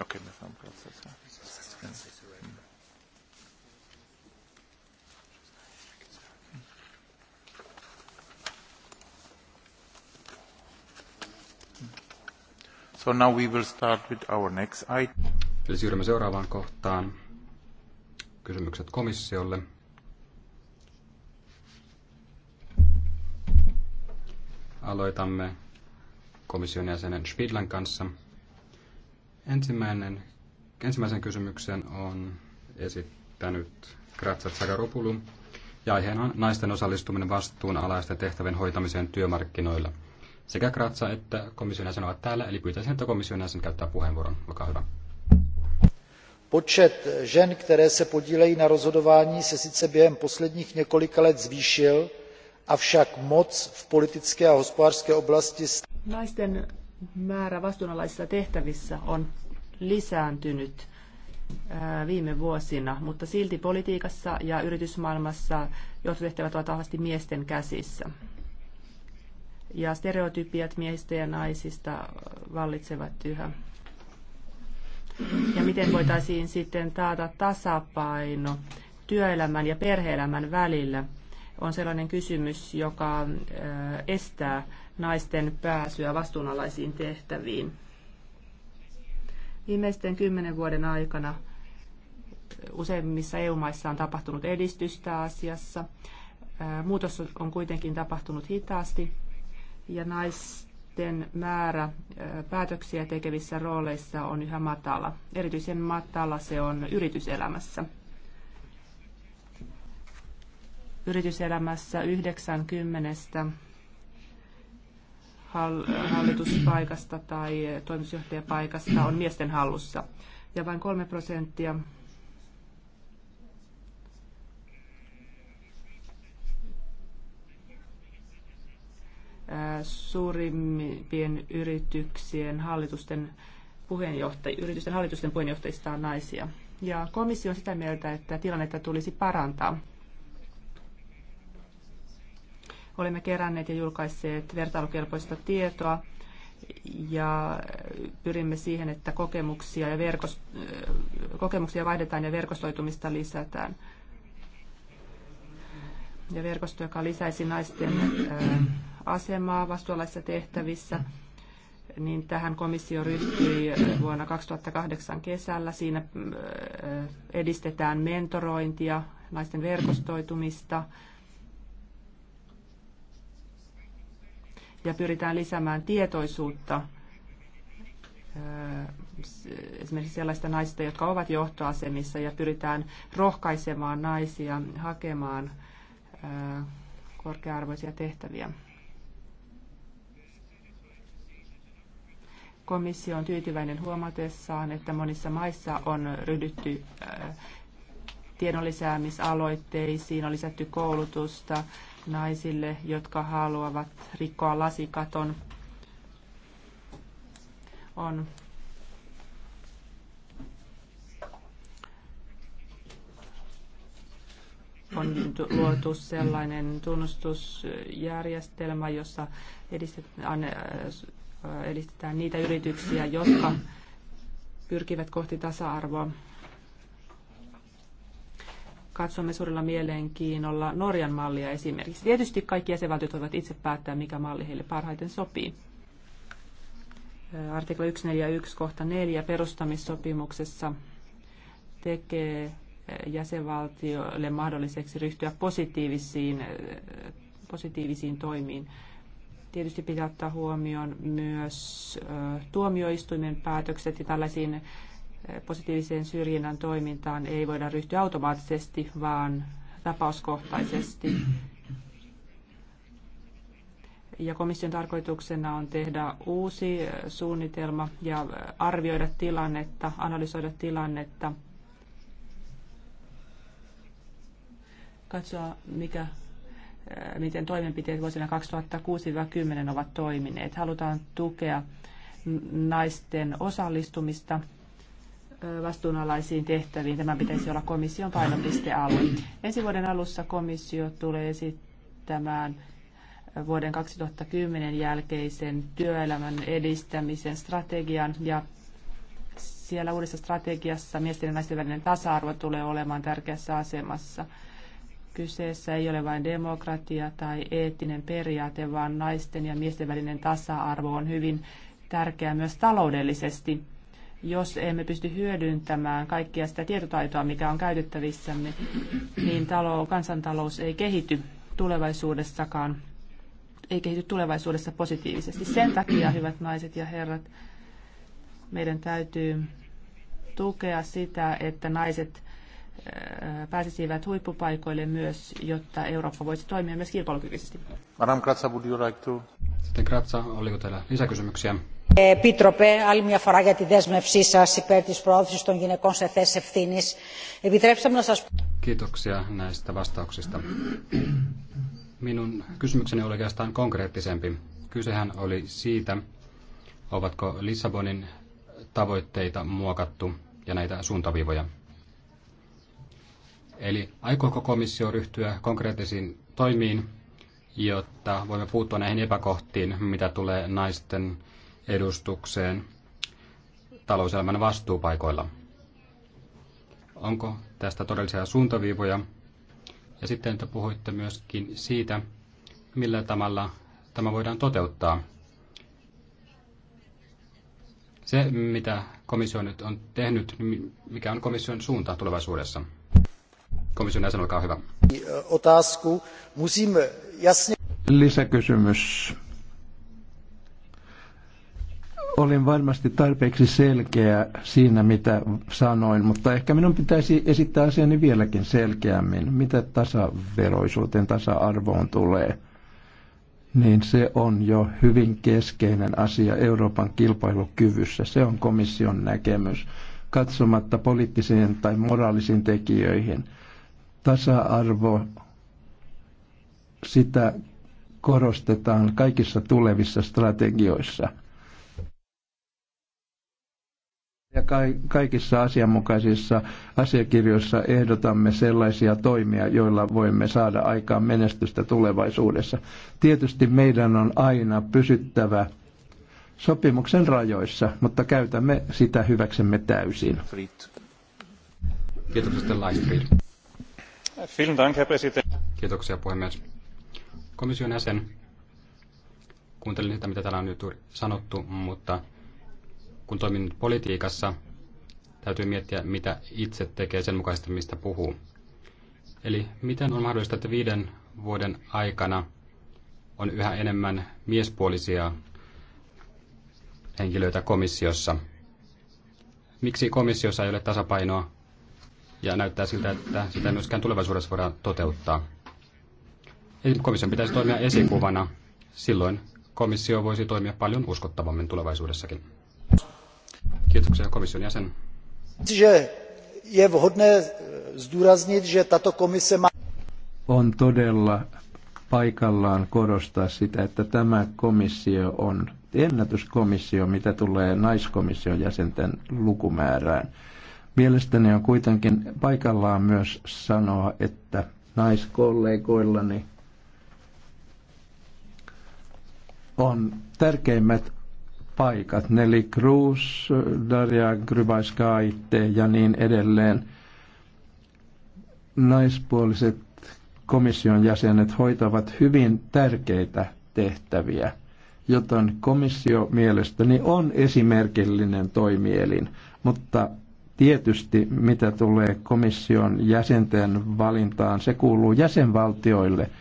Okay, med So now we will start with our next item. Eli siirrymme seuraavaan kohtaan. Kysymykset komissiolle. Aloitamme komission jäsenen Spidlan kanssa. Ensimmäinen, ensimmäisen kysymyksen on esittänyt Kratsat Sagaropulu ja aiheena on naisten osallistuminen vastuunalaisten tehtävien hoitamiseen työmarkkinoilla. Sekä Kratsa että komission jäsen ovat täällä, eli pyytäisin, että komission jäsen käyttää puheenvuoron. Olkaa hyvä. Počet žen, které se podílejí na rozhodování, se sice během posledních několika let zvýšil, avšak moc v politické a hospodářské oblasti... Naisten määrä vastuunalaisissa tehtävissä on lisääntynyt viime vuosina, mutta silti politiikassa ja yritysmaailmassa johtotehtävät ovat vahvasti miesten käsissä. Ja stereotypiat miehistä ja naisista vallitsevat yhä. Ja miten voitaisiin sitten taata tasapaino työelämän ja perheelämän välillä on sellainen kysymys, joka estää naisten pääsyä vastuunalaisiin tehtäviin. Viimeisten kymmenen vuoden aikana useimmissa EU-maissa on tapahtunut edistystä asiassa. Muutos on kuitenkin tapahtunut hitaasti ja naisten määrä päätöksiä tekevissä rooleissa on yhä matala. Erityisen matala se on yrityselämässä. Yrityselämässä 90 hallituspaikasta tai toimitusjohtajapaikasta on miesten hallussa. Ja vain kolme prosenttia suurimpien yrityksien hallitusten puheenjohtaj- yritysten hallitusten puheenjohtajista on naisia. Ja komissio on sitä mieltä, että tilannetta tulisi parantaa. Olemme keränneet ja julkaisseet vertailukelpoista tietoa ja pyrimme siihen, että kokemuksia, ja verkos, äh, kokemuksia vaihdetaan ja verkostoitumista lisätään. Ja verkosto, joka lisäisi naisten äh, asemaa vastuullaisissa tehtävissä, niin tähän komissio ryhtyi äh, vuonna 2008 kesällä. Siinä edistetään mentorointia, naisten verkostoitumista, ja pyritään lisäämään tietoisuutta esimerkiksi sellaista naista, jotka ovat johtoasemissa ja pyritään rohkaisemaan naisia hakemaan korkea-arvoisia tehtäviä. Komissio on tyytyväinen huomatessaan, että monissa maissa on ryhdytty tiedon lisäämisaloitteisiin, on lisätty koulutusta, naisille, jotka haluavat rikkoa lasikaton. On on luotu sellainen tunnustusjärjestelmä, jossa edistetään, äh, edistetään niitä yrityksiä, jotka pyrkivät kohti tasa-arvoa katsomme suurella mielenkiinnolla Norjan mallia esimerkiksi. Tietysti kaikki jäsenvaltiot voivat itse päättää, mikä malli heille parhaiten sopii. Artikla 141 kohta 4 perustamissopimuksessa tekee jäsenvaltiolle mahdolliseksi ryhtyä positiivisiin, positiivisiin toimiin. Tietysti pitää ottaa huomioon myös tuomioistuimen päätökset ja tällaisiin positiiviseen syrjinnän toimintaan ei voida ryhtyä automaattisesti, vaan tapauskohtaisesti. Ja komission tarkoituksena on tehdä uusi suunnitelma ja arvioida tilannetta, analysoida tilannetta, katsoa mikä miten toimenpiteet vuosina 2006-2010 ovat toimineet. Halutaan tukea naisten osallistumista vastuunalaisiin tehtäviin. Tämä pitäisi olla komission painopistealue. Ensi vuoden alussa komissio tulee esittämään vuoden 2010 jälkeisen työelämän edistämisen strategian ja siellä uudessa strategiassa miesten ja naisten välinen tasa-arvo tulee olemaan tärkeässä asemassa. Kyseessä ei ole vain demokratia tai eettinen periaate, vaan naisten ja miesten välinen tasa-arvo on hyvin tärkeää myös taloudellisesti jos emme pysty hyödyntämään kaikkia sitä tietotaitoa, mikä on käytettävissämme, niin talo, kansantalous ei kehity tulevaisuudessakaan, ei kehity tulevaisuudessa positiivisesti. Sen takia, hyvät naiset ja herrat, meidän täytyy tukea sitä, että naiset pääsisivät huippupaikoille myös, jotta Eurooppa voisi toimia myös kilpailukykyisesti. Madame Kratsa, would you like to... Sitten Kratsa, oliko teillä lisäkysymyksiä? Επίτροπε, άλλη μια φορά για τη δέσμευσή σα υπέρ τη προώθηση των γυναικών σε θέσεις ευθύνη. Επιτρέψτε μου να πω. Kiitoksia näistä vastauksista. Minun kysymykseni oli oikeastaan konkreettisempi. Kysehän oli siitä, ovatko Lissabonin tavoitteita muokattu ja näitä suuntaviivoja. Eli aikooko komissio ryhtyä konkreettisiin toimiin, jotta voimme puuttua näihin epäkohtiin, mitä tulee naisten edustukseen talouselämän vastuupaikoilla. Onko tästä todellisia suuntaviivoja? Ja sitten te puhuitte myöskin siitä, millä tavalla tämä voidaan toteuttaa. Se, mitä komissio nyt on tehnyt, niin mikä on komission suunta tulevaisuudessa? Komission jäsen, olkaa hyvä. Lisäkysymys Olin varmasti tarpeeksi selkeä siinä, mitä sanoin, mutta ehkä minun pitäisi esittää asiani vieläkin selkeämmin. Mitä tasaveroisuuteen, tasa-arvoon tulee, niin se on jo hyvin keskeinen asia Euroopan kilpailukyvyssä. Se on komission näkemys, katsomatta poliittisiin tai moraalisiin tekijöihin. Tasa-arvo, sitä korostetaan kaikissa tulevissa strategioissa – Ja kaikissa asianmukaisissa asiakirjoissa ehdotamme sellaisia toimia, joilla voimme saada aikaan menestystä tulevaisuudessa. Tietysti meidän on aina pysyttävä sopimuksen rajoissa, mutta käytämme sitä hyväksemme täysin. Kiitos, Kiitoksia puhemies. Komission jäsen, kuuntelin sitä, mitä täällä on nyt sanottu, mutta kun toimin politiikassa, täytyy miettiä, mitä itse tekee sen mukaisesti, mistä puhuu. Eli miten on mahdollista, että viiden vuoden aikana on yhä enemmän miespuolisia henkilöitä komissiossa? Miksi komissiossa ei ole tasapainoa ja näyttää siltä, että sitä ei myöskään tulevaisuudessa voidaan toteuttaa? Komission pitäisi toimia esikuvana. Silloin komissio voisi toimia paljon uskottavammin tulevaisuudessakin. Kiitoksia komission jäsen. Eh, on todella paikallaan korostaa sitä, että tämä komissio on ennätyskomissio, mitä tulee naiskomission jäsenten lukumäärään. Mielestäni on kuitenkin paikallaan myös sanoa, että naiskollegoillani on tärkeimmät paikat, Nelly Cruz, Daria Grybaiskaite ja niin edelleen. Naispuoliset komission jäsenet hoitavat hyvin tärkeitä tehtäviä, joten komissio mielestäni on esimerkillinen toimielin, mutta tietysti mitä tulee komission jäsenten valintaan, se kuuluu jäsenvaltioille –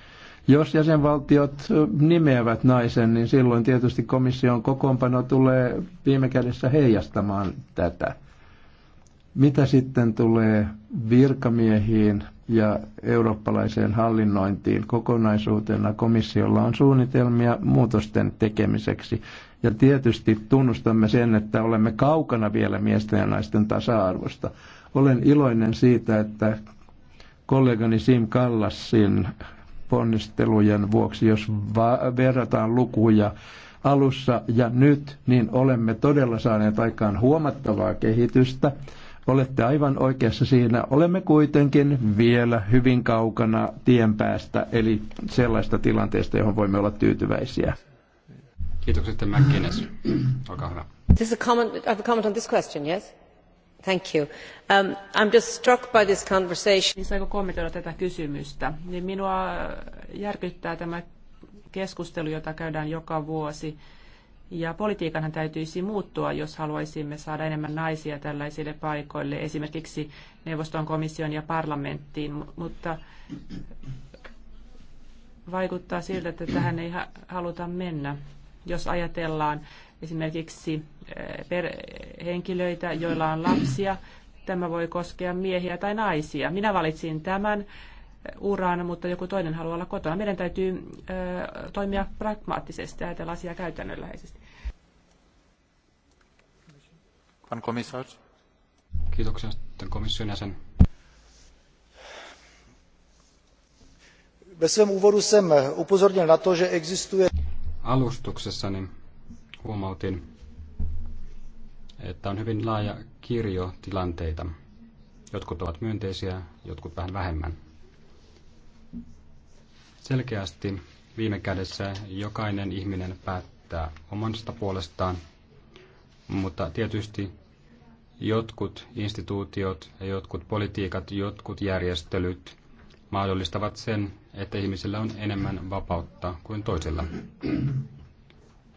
jos jäsenvaltiot nimeävät naisen, niin silloin tietysti komission kokoonpano tulee viime kädessä heijastamaan tätä. Mitä sitten tulee virkamiehiin ja eurooppalaiseen hallinnointiin kokonaisuutena, komissiolla on suunnitelmia muutosten tekemiseksi. Ja tietysti tunnustamme sen, että olemme kaukana vielä miesten ja naisten tasa-arvosta. Olen iloinen siitä, että kollegani Sim Kallasin ponnistelujen vuoksi, jos verrataan lukuja alussa ja nyt, niin olemme todella saaneet aikaan huomattavaa kehitystä. Olette aivan oikeassa siinä. Olemme kuitenkin vielä hyvin kaukana tien päästä, eli sellaista tilanteesta, johon voimme olla tyytyväisiä. Kiitokset, Mäkkines. Olkaa hyvä. This is a comment, I have a comment on this question, yes? saanko um, niin kommentoida tätä kysymystä? Niin minua järkyttää tämä keskustelu, jota käydään joka vuosi. Ja politiikanhan täytyisi muuttua, jos haluaisimme saada enemmän naisia tällaisille paikoille, esimerkiksi neuvoston, komission ja parlamenttiin. Mutta vaikuttaa siltä, että tähän ei haluta mennä. Jos ajatellaan esimerkiksi eh, henkilöitä, joilla on lapsia. Tämä voi koskea miehiä tai naisia. Minä valitsin tämän eh, uran, mutta joku toinen haluaa olla kotona. Meidän täytyy eh, toimia pragmaattisesti ja ajatella asiaa käytännönläheisesti. komissaari. Kiitoksia sitten komission jäsen. Ve svém úvodu jsem upozornil na to, že existuje... Alustuksessani huomautin, että on hyvin laaja kirjo tilanteita. Jotkut ovat myönteisiä, jotkut vähän vähemmän. Selkeästi viime kädessä jokainen ihminen päättää omasta puolestaan, mutta tietysti jotkut instituutiot ja jotkut politiikat, jotkut järjestelyt mahdollistavat sen, että ihmisillä on enemmän vapautta kuin toisilla.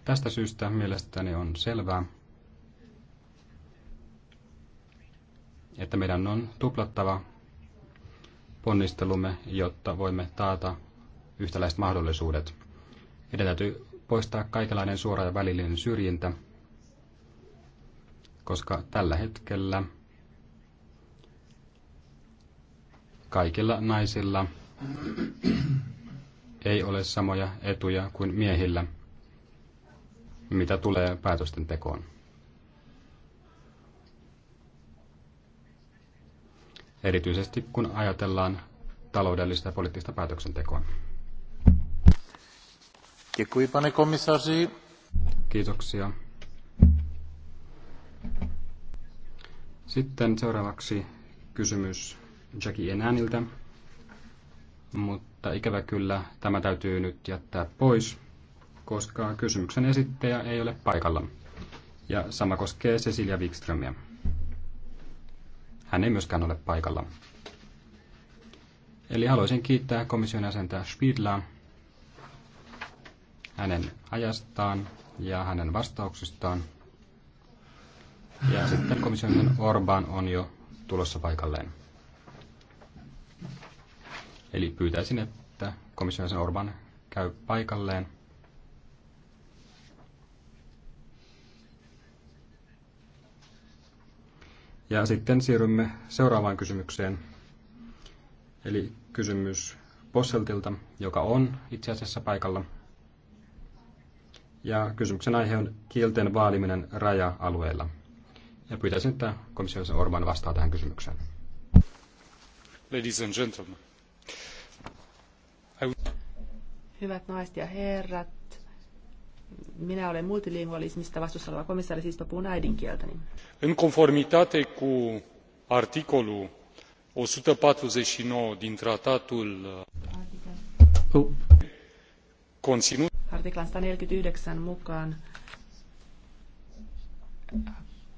Tästä syystä mielestäni on selvää, että meidän on tuplattava ponnistelumme, jotta voimme taata yhtäläiset mahdollisuudet. Meidän täytyy poistaa kaikenlainen suora ja välillinen syrjintä, koska tällä hetkellä kaikilla naisilla ei ole samoja etuja kuin miehillä – mitä tulee päätösten tekoon. Erityisesti kun ajatellaan taloudellista ja poliittista päätöksentekoa. Děkuji, pane Kiitoksia. Sitten seuraavaksi kysymys Jackie Enäniltä, mutta ikävä kyllä tämä täytyy nyt jättää pois koska kysymyksen esittäjä ei ole paikalla. Ja sama koskee Cecilia Wikströmiä. Hän ei myöskään ole paikalla. Eli haluaisin kiittää komission jäsentä Spidlaa hänen ajastaan ja hänen vastauksistaan. Ja sitten komission jäsen Orban on jo tulossa paikalleen. Eli pyytäisin, että komission jäsen Orban käy paikalleen – Ja sitten siirrymme seuraavaan kysymykseen. Eli kysymys Posseltilta, joka on itse asiassa paikalla. Ja kysymyksen aihe on kielten vaaliminen raja alueella Ja pyytäisin, että komission Orban vastaa tähän kysymykseen. Ladies and gentlemen. Hyvät naiset ja herrat, minä olen multilingualismista vastuussa oleva komissaari, siis puhun äidinkieltäni. În conformitate cu articolul 149 din tratatul oh. conținut Artiklan 149 mukaan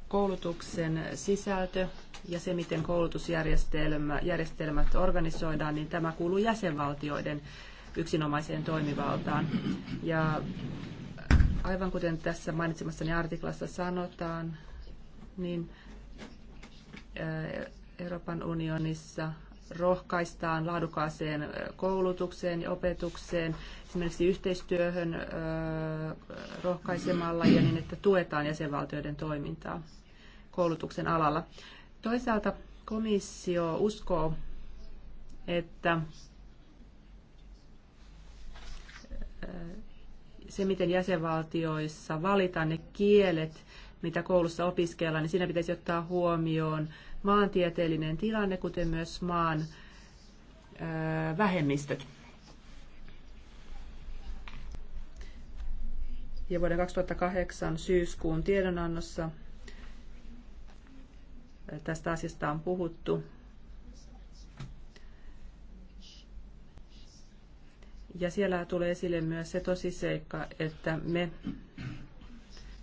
koulutuksen sisältö ja se, miten koulutusjärjestelmät organisoidaan, niin tämä kuuluu jäsenvaltioiden yksinomaiseen toimivaltaan. Ja Aivan kuten tässä mainitsemassani artiklassa sanotaan, niin Euroopan unionissa rohkaistaan laadukkaaseen koulutukseen ja opetukseen, esimerkiksi yhteistyöhön rohkaisemalla ja niin, että tuetaan jäsenvaltioiden toimintaa koulutuksen alalla. Toisaalta komissio uskoo, että se, miten jäsenvaltioissa valitaan ne kielet, mitä koulussa opiskellaan, niin siinä pitäisi ottaa huomioon maantieteellinen tilanne, kuten myös maan ö, vähemmistöt. Ja vuoden 2008 syyskuun tiedonannossa tästä asiasta on puhuttu. Ja siellä tulee esille myös se tosiseikka, että me,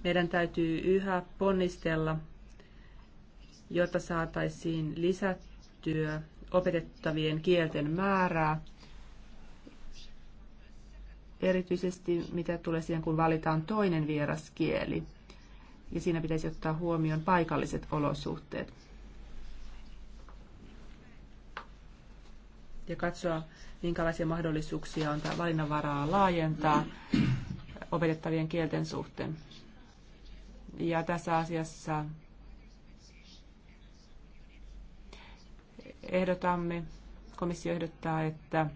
meidän täytyy yhä ponnistella, jotta saataisiin lisättyä opetettavien kielten määrää, erityisesti mitä tulee siihen, kun valitaan toinen vieras kieli. Ja siinä pitäisi ottaa huomioon paikalliset olosuhteet. Ja katsoa, minkälaisia mahdollisuuksia on tämä valinnanvaraa laajentaa opetettavien kielten suhteen. Ja tässä asiassa ehdotamme, komissio ehdottaa, että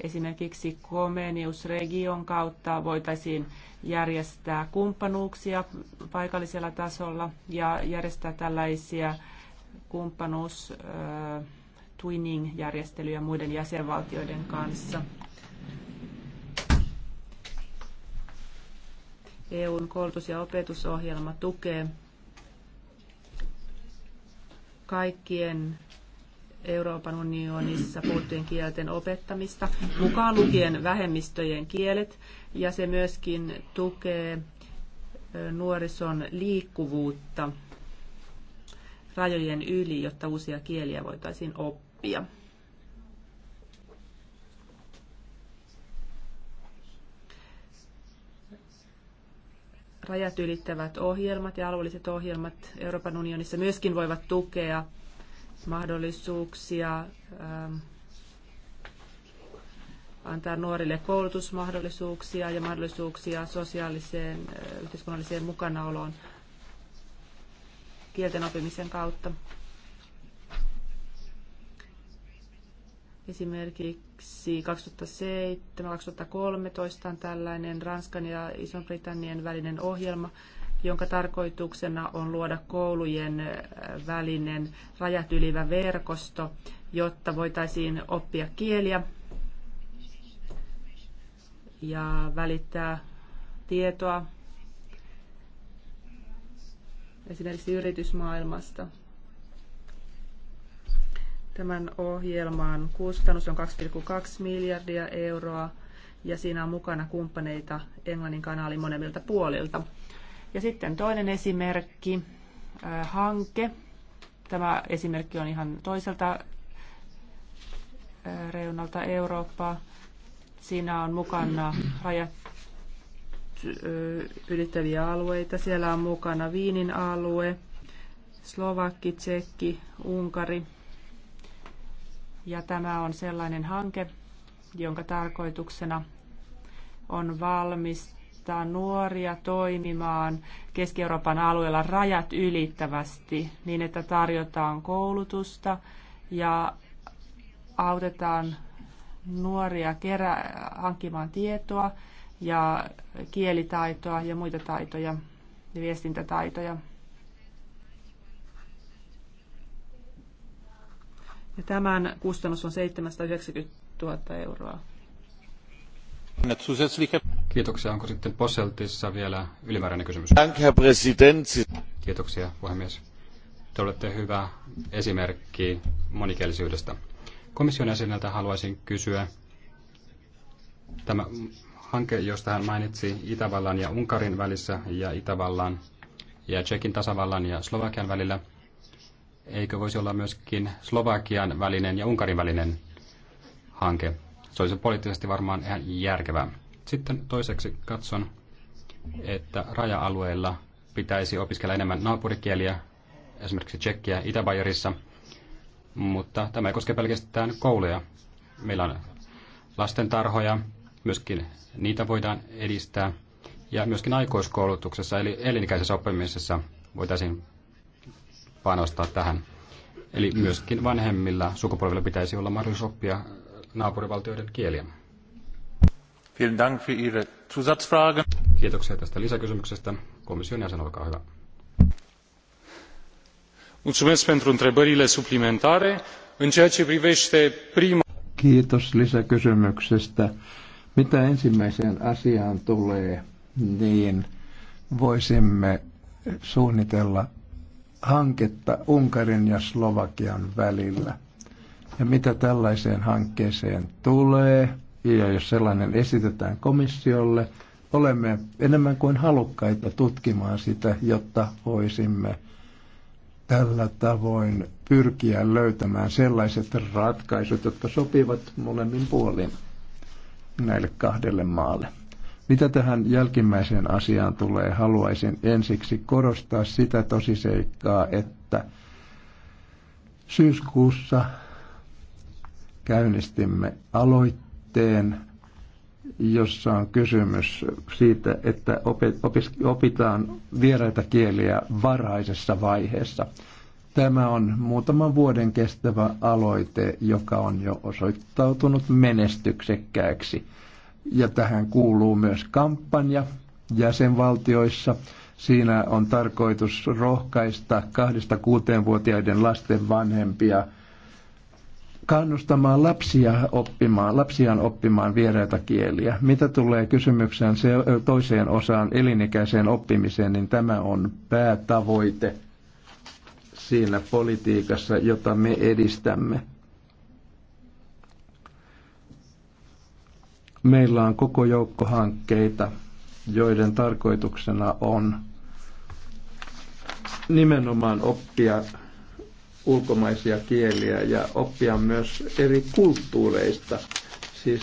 esimerkiksi Comenius-region kautta voitaisiin järjestää kumppanuuksia paikallisella tasolla ja järjestää tällaisia kumppanuus- twinning-järjestelyjä muiden jäsenvaltioiden kanssa. EUn koulutus- ja opetusohjelma tukee kaikkien Euroopan unionissa puhuttujen kielten opettamista, mukaan lukien vähemmistöjen kielet, ja se myöskin tukee nuorison liikkuvuutta rajojen yli, jotta uusia kieliä voitaisiin oppia oppia. Rajat ylittävät ohjelmat ja alueelliset ohjelmat Euroopan unionissa myöskin voivat tukea mahdollisuuksia ähm, antaa nuorille koulutusmahdollisuuksia ja mahdollisuuksia sosiaaliseen äh, yhteiskunnalliseen mukanaoloon kielten oppimisen kautta. Esimerkiksi 2007-2013 on tällainen Ranskan ja Iso-Britannian välinen ohjelma, jonka tarkoituksena on luoda koulujen äh, välinen rajat ylivä verkosto, jotta voitaisiin oppia kieliä ja välittää tietoa esimerkiksi yritysmaailmasta. Tämän ohjelman kustannus on 2,2 miljardia euroa ja siinä on mukana kumppaneita Englannin kanaalin monemmilta puolilta. Ja sitten toinen esimerkki, hanke. Tämä esimerkki on ihan toiselta reunalta Eurooppaa. Siinä on mukana rajat ylittäviä alueita. Siellä on mukana Viinin alue, Slovakki, Tsekki, Unkari, ja tämä on sellainen hanke, jonka tarkoituksena on valmistaa nuoria toimimaan Keski-Euroopan alueella rajat ylittävästi niin, että tarjotaan koulutusta ja autetaan nuoria kerä, hankkimaan tietoa ja kielitaitoa ja muita taitoja ja viestintätaitoja. Ja tämän kustannus on 790 000 euroa. Kiitoksia. Onko sitten poseltissa vielä ylimääräinen kysymys? Kiitoksia, puhemies. Te olette hyvä esimerkki monikielisyydestä. Komission jäseneltä haluaisin kysyä tämä hanke, josta hän mainitsi Itävallan ja Unkarin välissä ja Itävallan ja Tsekin tasavallan ja Slovakian välillä – eikö voisi olla myöskin Slovakian välinen ja Unkarin välinen hanke? Se olisi poliittisesti varmaan ihan järkevää. Sitten toiseksi katson, että raja-alueilla pitäisi opiskella enemmän naapurikieliä, esimerkiksi tsekkiä itä mutta tämä ei koske pelkästään kouluja. Meillä on lastentarhoja, myöskin niitä voidaan edistää, ja myöskin aikuiskoulutuksessa eli elinikäisessä oppimisessa voitaisiin panostaa tähän. Eli myöskin vanhemmilla sukupolvilla pitäisi olla mahdollisuus oppia naapurivaltioiden kieliä. Dank für Ihre Zusatzfrage. Kiitoksia tästä lisäkysymyksestä. Komission jäsen, olkaa hyvä. Mulțumesc pentru întrebările suplimentare. În ceea ce privește prima... Kiitos lisäkysymyksestä. Mitä ensimmäiseen asiaan tulee, niin voisimme suunnitella hanketta Unkarin ja Slovakian välillä. Ja mitä tällaiseen hankkeeseen tulee, ja jos sellainen esitetään komissiolle, olemme enemmän kuin halukkaita tutkimaan sitä, jotta voisimme tällä tavoin pyrkiä löytämään sellaiset ratkaisut, jotka sopivat molemmin puolin näille kahdelle maalle. Mitä tähän jälkimmäiseen asiaan tulee, haluaisin ensiksi korostaa sitä tosiseikkaa, että syyskuussa käynnistimme aloitteen, jossa on kysymys siitä, että opitaan vieraita kieliä varhaisessa vaiheessa. Tämä on muutaman vuoden kestävä aloite, joka on jo osoittautunut menestyksekkääksi – ja tähän kuuluu myös kampanja jäsenvaltioissa. Siinä on tarkoitus rohkaista kahdesta kuuteenvuotiaiden lasten vanhempia kannustamaan lapsia oppimaan, lapsiaan oppimaan vieraita kieliä. Mitä tulee kysymykseen se, toiseen osaan elinikäiseen oppimiseen, niin tämä on päätavoite siinä politiikassa, jota me edistämme. Meillä on koko joukko hankkeita, joiden tarkoituksena on nimenomaan oppia ulkomaisia kieliä ja oppia myös eri kulttuureista. Siis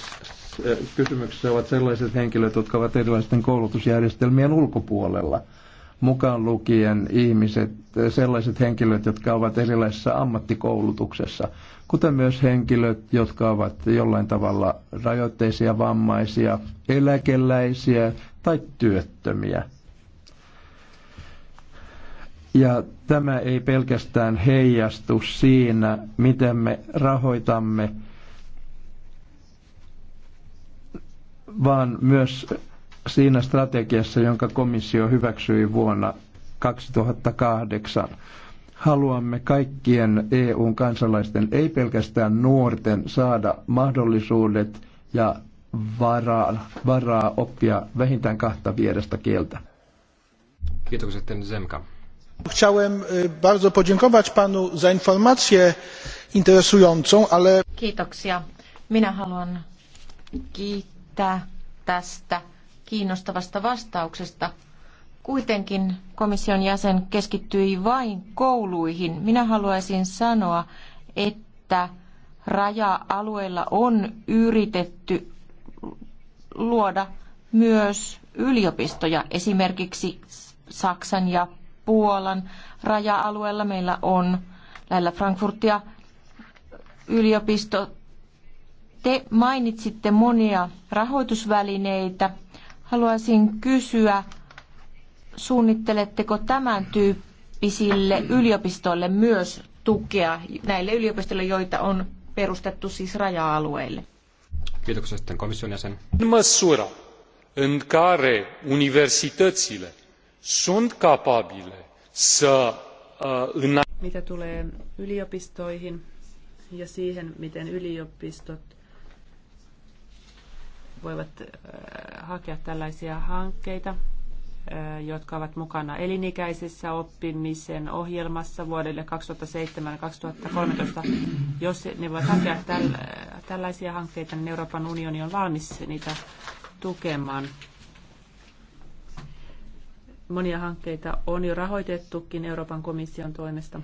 kysymyksessä ovat sellaiset henkilöt, jotka ovat erilaisten koulutusjärjestelmien ulkopuolella, mukaan lukien ihmiset, sellaiset henkilöt, jotka ovat erilaisessa ammattikoulutuksessa kuten myös henkilöt, jotka ovat jollain tavalla rajoitteisia, vammaisia, eläkeläisiä tai työttömiä. Ja tämä ei pelkästään heijastu siinä, miten me rahoitamme, vaan myös siinä strategiassa, jonka komissio hyväksyi vuonna 2008 haluamme kaikkien EUn kansalaisten, ei pelkästään nuorten, saada mahdollisuudet ja varaa, varaa oppia vähintään kahta vierestä kieltä. Kiitos sitten Zemka. Chciałem bardzo podziękować panu za informację interesującą, ale... Kiitoksia. Minä haluan kiittää tästä kiinnostavasta vastauksesta Kuitenkin komission jäsen keskittyi vain kouluihin. Minä haluaisin sanoa, että raja-alueilla on yritetty luoda myös yliopistoja. Esimerkiksi Saksan ja Puolan raja-alueella meillä on lähellä Frankfurtia yliopisto. Te mainitsitte monia rahoitusvälineitä. Haluaisin kysyä, suunnitteletteko tämän tyyppisille yliopistoille myös tukea, näille yliopistoille, joita on perustettu siis raja-alueille? Kiitoksia sitten komission jäsen. Măsura în care universitățile sunt capabile să uh, mitä tulee yliopistoihin ja siihen, miten yliopistot voivat uh, hakea tällaisia hankkeita, jotka ovat mukana elinikäisessä oppimisen ohjelmassa vuodelle 2007-2013. Jos ne voivat hakea tällaisia hankkeita, niin Euroopan unioni on valmis niitä tukemaan. Monia hankkeita on jo rahoitettukin Euroopan komission toimesta.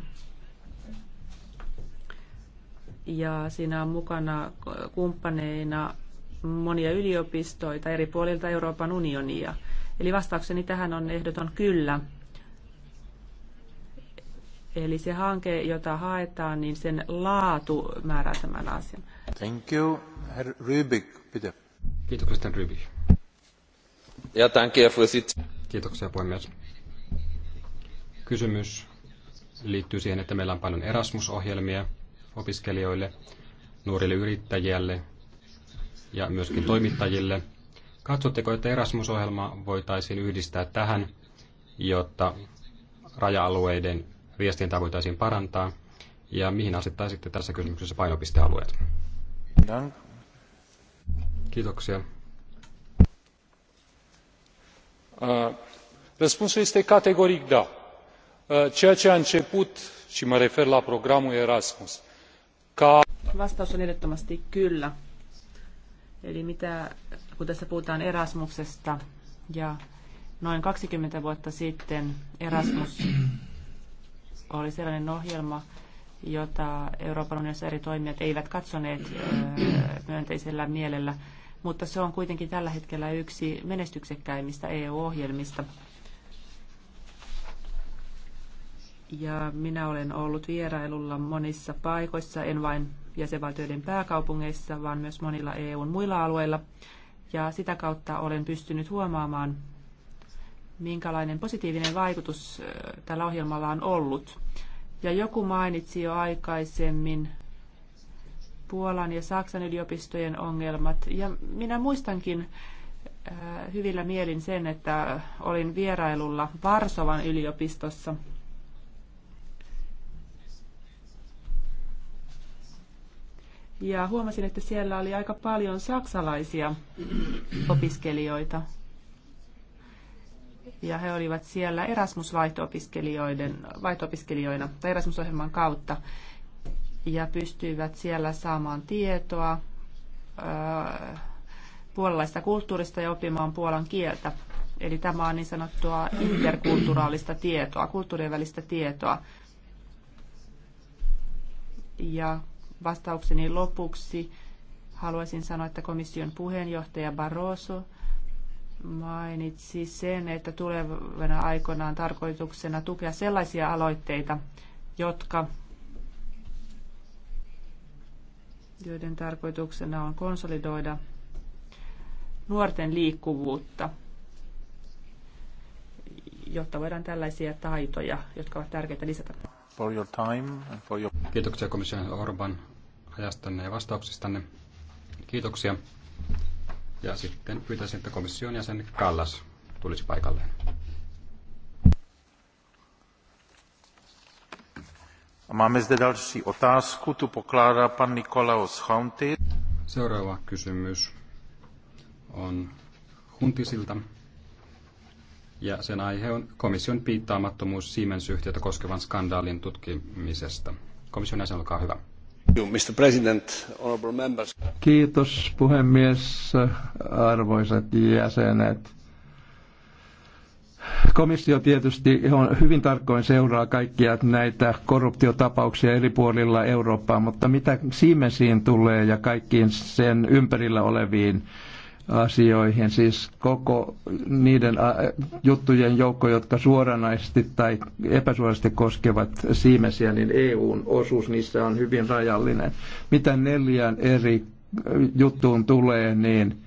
Ja siinä on mukana kumppaneina monia yliopistoita eri puolilta Euroopan unionia – Eli vastaukseni tähän on ehdoton kyllä. Eli se hanke, jota haetaan, niin sen laatu määrää tämän asian. Thank you. Herr Rübig, bitte. Kiitoksia, Herr Rübig. Ja, danke, Herr Kiitoksia, puhemies. Kysymys liittyy siihen, että meillä on paljon Erasmus-ohjelmia opiskelijoille, nuorille yrittäjille ja myöskin toimittajille – Katsotteko, että Erasmus-ohjelma voitaisiin yhdistää tähän, jotta raja-alueiden viestintää voitaisiin parantaa? Ja mihin asettaisitte tässä kysymyksessä painopistealueet? Kiitoksia. Uh, răspunsul este categoric da. Uh, ceea ce a început, și mă refer la programul Erasmus, ca... Vastaus on ehdottomasti kyllä. Eli mitä kun tässä puhutaan Erasmuksesta ja noin 20 vuotta sitten Erasmus oli sellainen ohjelma, jota Euroopan unionissa eri toimijat eivät katsoneet myönteisellä mielellä, mutta se on kuitenkin tällä hetkellä yksi menestyksekkäimmistä EU-ohjelmista. Ja minä olen ollut vierailulla monissa paikoissa, en vain jäsenvaltioiden pääkaupungeissa, vaan myös monilla EUn muilla alueilla ja sitä kautta olen pystynyt huomaamaan, minkälainen positiivinen vaikutus tällä ohjelmalla on ollut. Ja joku mainitsi jo aikaisemmin Puolan ja Saksan yliopistojen ongelmat. Ja minä muistankin hyvillä mielin sen, että olin vierailulla Varsovan yliopistossa – ja huomasin, että siellä oli aika paljon saksalaisia opiskelijoita. Ja he olivat siellä erasmus vaihto opiskelijoina tai Erasmus-ohjelman kautta ja pystyivät siellä saamaan tietoa öö, puolalaista kulttuurista ja oppimaan puolan kieltä. Eli tämä on niin sanottua interkulturaalista tietoa, kulttuurien välistä tietoa. Ja Vastaukseni lopuksi haluaisin sanoa, että komission puheenjohtaja Barroso mainitsi sen, että tulevana aikana on tarkoituksena tukea sellaisia aloitteita, jotka joiden tarkoituksena on konsolidoida nuorten liikkuvuutta, jotta voidaan tällaisia taitoja, jotka ovat tärkeitä, lisätä for your time and for your... Kiitoksia komission Orban ajastanne ja vastauksistanne. Kiitoksia. Ja sitten pyytäisin, että komission jäsen Kallas tulisi paikalleen. máme zde další otázku, tu pokládá pan Nikolaos Hauntis. Seuraava kysymys on Huntisilta ja sen aihe on komission piittaamattomuus Siemens-yhtiötä koskevan skandaalin tutkimisesta. Komission jäsen, olkaa hyvä. Mr. President, honorable members. Kiitos puhemies, arvoisat jäsenet. Komissio tietysti on hyvin tarkoin seuraa kaikkia näitä korruptiotapauksia eri puolilla Eurooppaa, mutta mitä Siemensiin tulee ja kaikkiin sen ympärillä oleviin asioihin, siis koko niiden juttujen joukko, jotka suoranaisesti tai epäsuorasti koskevat siimesiä, niin EUn osuus niissä on hyvin rajallinen. Mitä neljään eri juttuun tulee, niin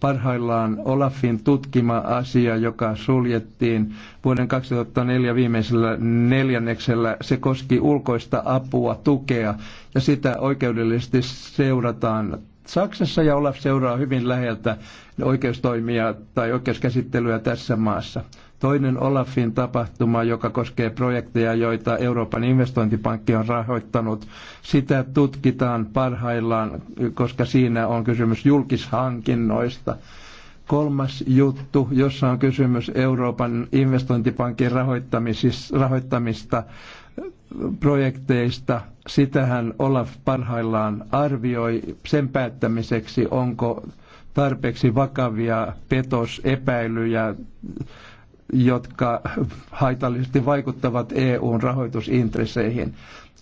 parhaillaan Olafin tutkima asia, joka suljettiin vuoden 2004 viimeisellä neljänneksellä. Se koski ulkoista apua, tukea ja sitä oikeudellisesti seurataan Saksassa ja Olaf seuraa hyvin läheltä oikeustoimia tai oikeuskäsittelyä tässä maassa. Toinen Olafin tapahtuma, joka koskee projekteja, joita Euroopan investointipankki on rahoittanut, sitä tutkitaan parhaillaan, koska siinä on kysymys julkishankinnoista. Kolmas juttu, jossa on kysymys Euroopan investointipankin rahoittamista, projekteista. Sitähän Olaf parhaillaan arvioi sen päättämiseksi, onko tarpeeksi vakavia petosepäilyjä, jotka haitallisesti vaikuttavat EUn rahoitusintresseihin.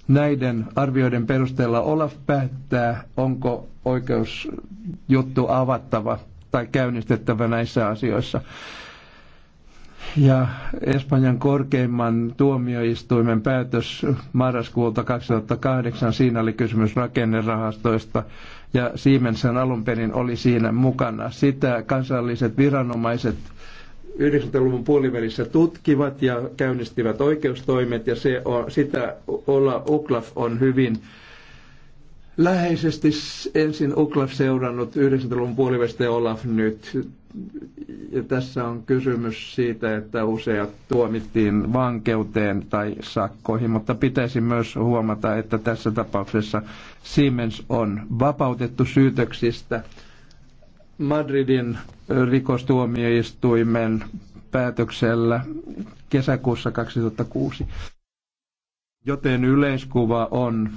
Näiden arvioiden perusteella Olaf päättää, onko oikeusjuttu avattava tai käynnistettävä näissä asioissa ja Espanjan korkeimman tuomioistuimen päätös marraskuulta 2008, siinä oli kysymys rakennerahastoista ja Siemensen alun perin oli siinä mukana. Sitä kansalliset viranomaiset 90-luvun puolivälissä tutkivat ja käynnistivät oikeustoimet ja se on, sitä olla Uklaf on hyvin läheisesti ensin Uklaf seurannut 90-luvun puolivälistä ja Olaf nyt ja tässä on kysymys siitä, että useat tuomittiin vankeuteen tai sakkoihin, mutta pitäisi myös huomata, että tässä tapauksessa Siemens on vapautettu syytöksistä. Madridin rikostuomioistuimen päätöksellä kesäkuussa 2006. Joten yleiskuva on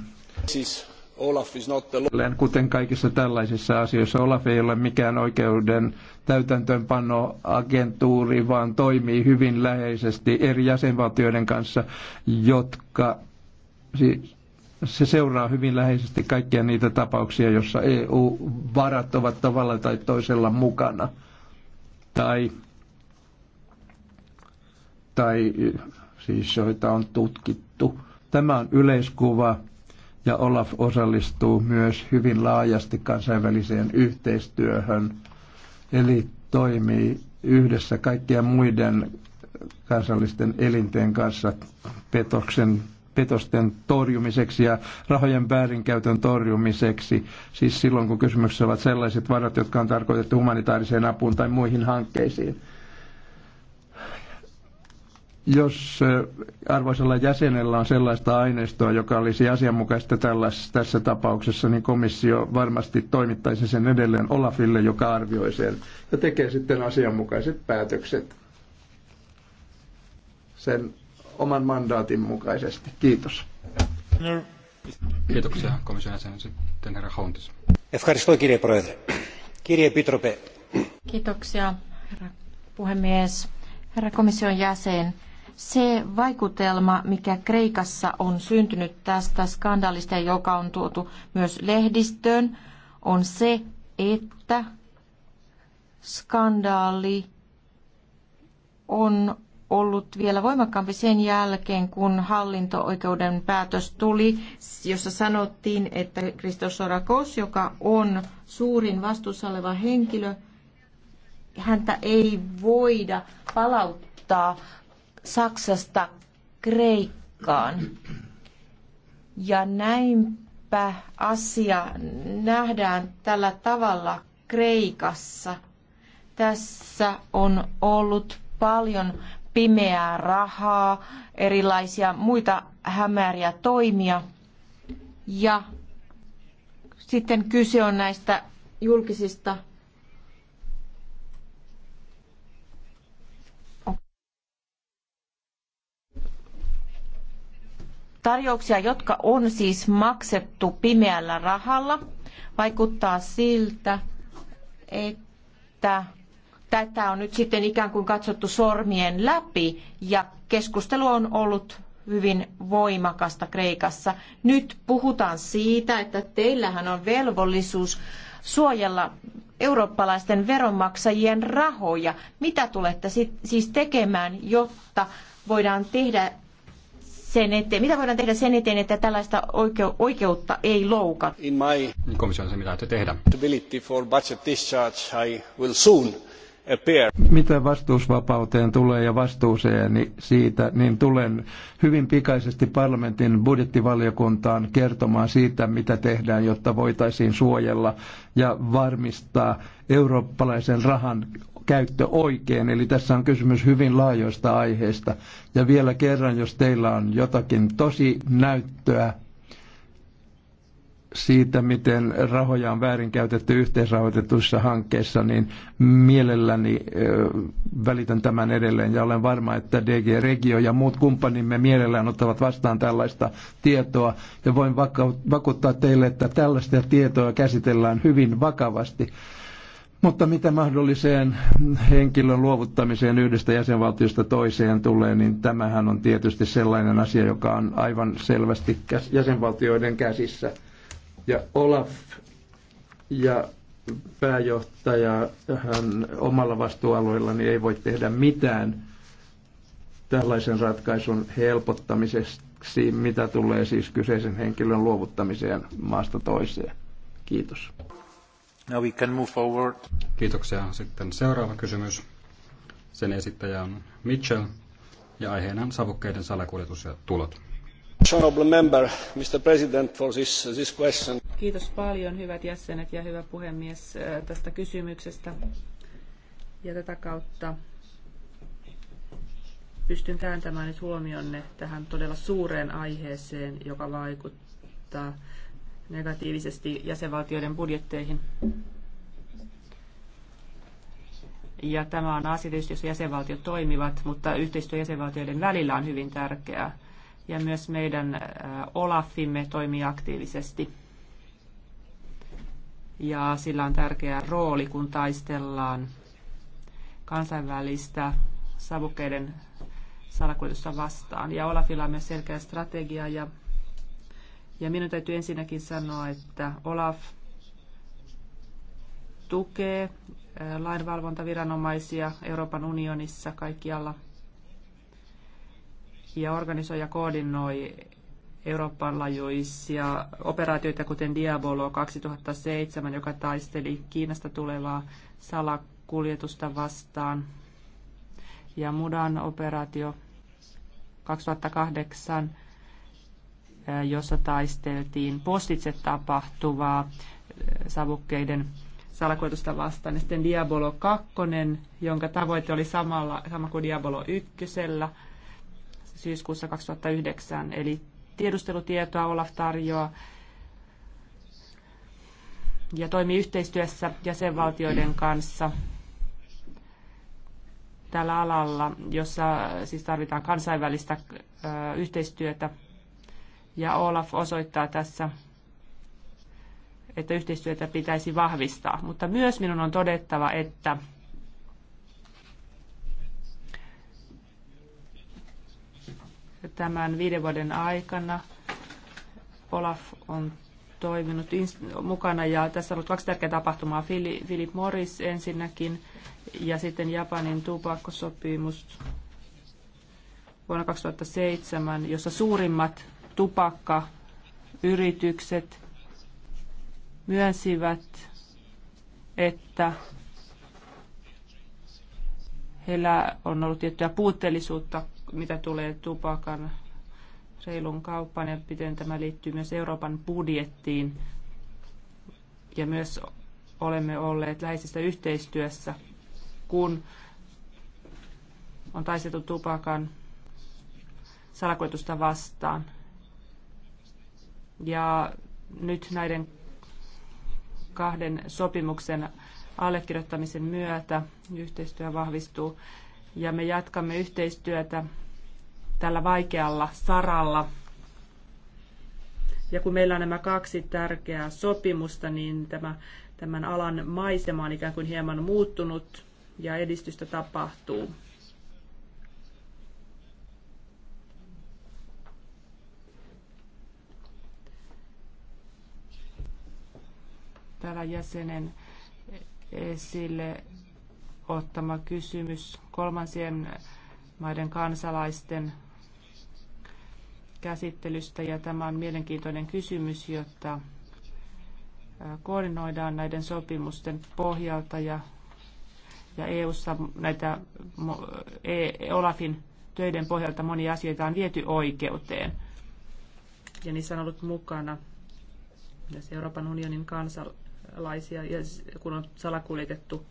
siis Olaf is not the... Kuten kaikissa tällaisissa asioissa, Olaf ei ole mikään oikeuden täytäntöönpanoagentuuri, vaan toimii hyvin läheisesti eri jäsenvaltioiden kanssa, jotka se seuraa hyvin läheisesti kaikkia niitä tapauksia, joissa EU-varat ovat tavalla tai toisella mukana. Tai, tai siis joita on tutkittu. Tämä on yleiskuva ja Olaf osallistuu myös hyvin laajasti kansainväliseen yhteistyöhön, eli toimii yhdessä kaikkien muiden kansallisten elinten kanssa petoksen, petosten torjumiseksi ja rahojen väärinkäytön torjumiseksi, siis silloin kun kysymyksessä ovat sellaiset varat, jotka on tarkoitettu humanitaariseen apuun tai muihin hankkeisiin. Jos arvoisella jäsenellä on sellaista aineistoa, joka olisi asianmukaista tässä tapauksessa, niin komissio varmasti toimittaisi sen edelleen Olafille, joka arvioi sen ja tekee sitten asianmukaiset päätökset sen oman mandaatin mukaisesti. Kiitos. Kiitoksia komission jäsen. Sitten herra Hauntis. Kiitoksia herra puhemies, herra komission jäsen se vaikutelma, mikä Kreikassa on syntynyt tästä skandaalista, joka on tuotu myös lehdistöön, on se, että skandaali on ollut vielä voimakkaampi sen jälkeen, kun hallinto-oikeuden päätös tuli, jossa sanottiin, että Christos Sorakos, joka on suurin vastuussa oleva henkilö, häntä ei voida palauttaa Saksasta Kreikkaan. Ja näinpä asia nähdään tällä tavalla Kreikassa. Tässä on ollut paljon pimeää rahaa, erilaisia muita hämäriä toimia. Ja sitten kyse on näistä julkisista tarjouksia, jotka on siis maksettu pimeällä rahalla, vaikuttaa siltä, että tätä on nyt sitten ikään kuin katsottu sormien läpi ja keskustelu on ollut hyvin voimakasta Kreikassa. Nyt puhutaan siitä, että teillähän on velvollisuus suojella eurooppalaisten veronmaksajien rahoja. Mitä tulette siis tekemään, jotta voidaan tehdä sen eteen, mitä voidaan tehdä sen eteen, että tällaista oikeutta ei louka? In my niin komission se, mitä tehdä. For budget discharge, I will soon appear. Mitä vastuusvapauteen tulee ja vastuuseen siitä, niin tulen hyvin pikaisesti parlamentin budjettivaliokuntaan kertomaan siitä, mitä tehdään, jotta voitaisiin suojella ja varmistaa eurooppalaisen rahan käyttö oikein. Eli tässä on kysymys hyvin laajoista aiheista. Ja vielä kerran, jos teillä on jotakin tosi näyttöä siitä, miten rahoja on väärinkäytetty yhteisrahoitetuissa hankkeissa, niin mielelläni välitän tämän edelleen ja olen varma, että DG Regio ja muut kumppanimme mielellään ottavat vastaan tällaista tietoa ja voin vakuuttaa teille, että tällaista tietoa käsitellään hyvin vakavasti mutta mitä mahdolliseen henkilön luovuttamiseen yhdestä jäsenvaltiosta toiseen tulee, niin tämähän on tietysti sellainen asia, joka on aivan selvästi jäsenvaltioiden käsissä. Ja Olaf ja pääjohtaja hän omalla vastuualueella niin ei voi tehdä mitään tällaisen ratkaisun helpottamiseksi, mitä tulee siis kyseisen henkilön luovuttamiseen maasta toiseen. Kiitos. Now we can move forward. Kiitoksia. Sitten seuraava kysymys. Sen esittäjä on Mitchell ja aiheena on savukkeiden salakuljetus ja tulot. Member, Mr. President, for this, this question. Kiitos paljon hyvät jäsenet ja hyvä puhemies äh, tästä kysymyksestä. Ja tätä kautta pystyn kääntämään nyt huomionne tähän todella suureen aiheeseen, joka vaikuttaa negatiivisesti jäsenvaltioiden budjetteihin. Ja tämä on asia tietysti, jos jäsenvaltiot toimivat, mutta yhteistyö jäsenvaltioiden välillä on hyvin tärkeää. Ja myös meidän Olafimme toimii aktiivisesti. Ja sillä on tärkeä rooli, kun taistellaan kansainvälistä savukkeiden salakuljetusta vastaan. Ja Olafilla on myös selkeä strategia ja ja minun täytyy ensinnäkin sanoa, että Olaf tukee lainvalvontaviranomaisia Euroopan unionissa kaikkialla ja organisoi ja koordinoi Euroopan laajuisia operaatioita, kuten Diabolo 2007, joka taisteli Kiinasta tulevaa salakuljetusta vastaan, ja Mudan operaatio 2008, jossa taisteltiin postitse tapahtuvaa savukkeiden salakuljetusta vastaan. Ja sitten Diabolo 2, jonka tavoite oli samalla, sama kuin Diabolo 1 syyskuussa 2009. Eli tiedustelutietoa Olaf tarjoaa ja toimii yhteistyössä jäsenvaltioiden kanssa tällä alalla, jossa siis tarvitaan kansainvälistä yhteistyötä ja Olaf osoittaa tässä, että yhteistyötä pitäisi vahvistaa. Mutta myös minun on todettava, että tämän viiden vuoden aikana Olaf on toiminut mukana ja tässä on ollut kaksi tärkeää tapahtumaa. Philip Morris ensinnäkin ja sitten Japanin tupakkosopimus vuonna 2007, jossa suurimmat tupakkayritykset myönsivät, että heillä on ollut tiettyä puutteellisuutta, mitä tulee tupakan reilun kauppaan ja miten tämä liittyy myös Euroopan budjettiin. Ja myös olemme olleet läheisessä yhteistyössä, kun on taisteltu tupakan salakoitusta vastaan. Ja nyt näiden kahden sopimuksen allekirjoittamisen myötä yhteistyö vahvistuu ja me jatkamme yhteistyötä tällä vaikealla saralla. Ja kun meillä on nämä kaksi tärkeää sopimusta, niin tämä, tämän alan maisema on ikään kuin hieman muuttunut ja edistystä tapahtuu. täällä jäsenen esille ottama kysymys kolmansien maiden kansalaisten käsittelystä ja tämä on mielenkiintoinen kysymys, jotta koordinoidaan näiden sopimusten pohjalta ja, ja EU-ssa näitä e-, Olafin töiden pohjalta monia asioita on viety oikeuteen ja niissä on ollut mukana myös Euroopan unionin kansal- laisia, ja kun on salakuljetettu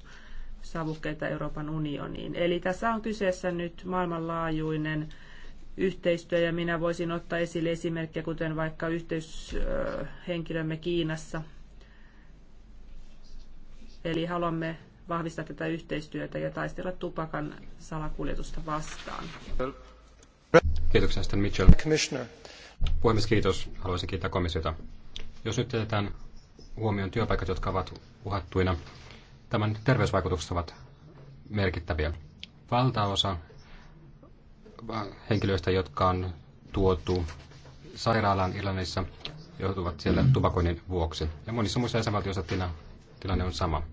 savukkeita Euroopan unioniin. Eli tässä on kyseessä nyt maailmanlaajuinen yhteistyö, ja minä voisin ottaa esille esimerkkejä, kuten vaikka yhteyshenkilömme Kiinassa. Eli haluamme vahvistaa tätä yhteistyötä ja taistella tupakan salakuljetusta vastaan. Kiitoksia, Mitchell. Puhemies, kiitos. Haluaisin kiittää komissiota. Jos nyt jätetään huomioon työpaikat, jotka ovat uhattuina. Tämän terveysvaikutukset ovat merkittäviä. Valtaosa henkilöistä, jotka on tuotu sairaalaan Irlannissa, joutuvat siellä tupakoinnin vuoksi. Ja monissa muissa jäsenvaltioissa tilanne on sama.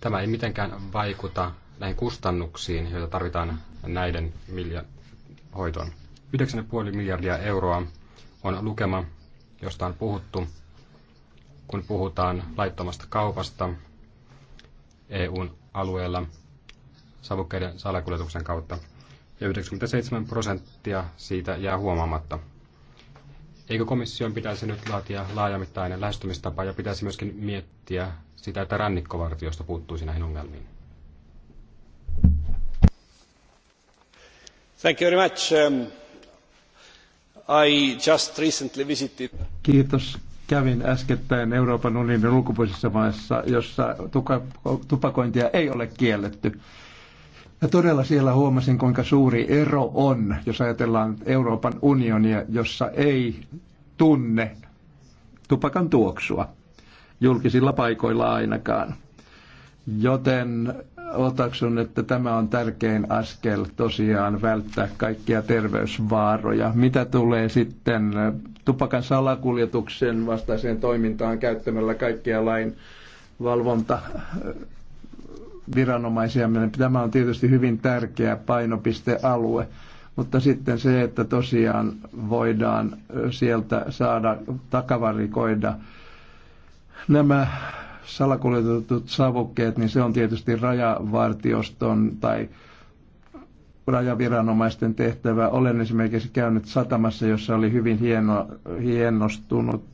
Tämä ei mitenkään vaikuta näihin kustannuksiin, joita tarvitaan näiden milja- hoitoon. 9,5 miljardia euroa on lukema, josta on puhuttu, kun puhutaan laittomasta kaupasta EUn alueella savukkeiden salakuljetuksen kautta. Ja 97 prosenttia siitä jää huomaamatta. Eikö komission pitäisi nyt laatia laajamittainen lähestymistapa ja pitäisi myöskin miettiä sitä, että rannikkovartiosta puuttuisi näihin ongelmiin? Thank you very much. Um... I just recently visited... Kiitos. Kävin äskettäin Euroopan unionin ulkopuolisissa maissa, jossa tupakointia ei ole kielletty. Ja todella siellä huomasin, kuinka suuri ero on, jos ajatellaan Euroopan unionia, jossa ei tunne tupakan tuoksua julkisilla paikoilla ainakaan. Joten otaksun, että tämä on tärkein askel tosiaan välttää kaikkia terveysvaaroja. Mitä tulee sitten äh, tupakan salakuljetuksen vastaiseen toimintaan käyttämällä kaikkia lain valvonta äh, viranomaisia. Niin tämä on tietysti hyvin tärkeä painopistealue, mutta sitten se, että tosiaan voidaan äh, sieltä saada takavarikoida nämä salakuljetetut savukkeet, niin se on tietysti rajavartioston tai rajaviranomaisten tehtävä. Olen esimerkiksi käynyt satamassa, jossa oli hyvin hieno, hienostunut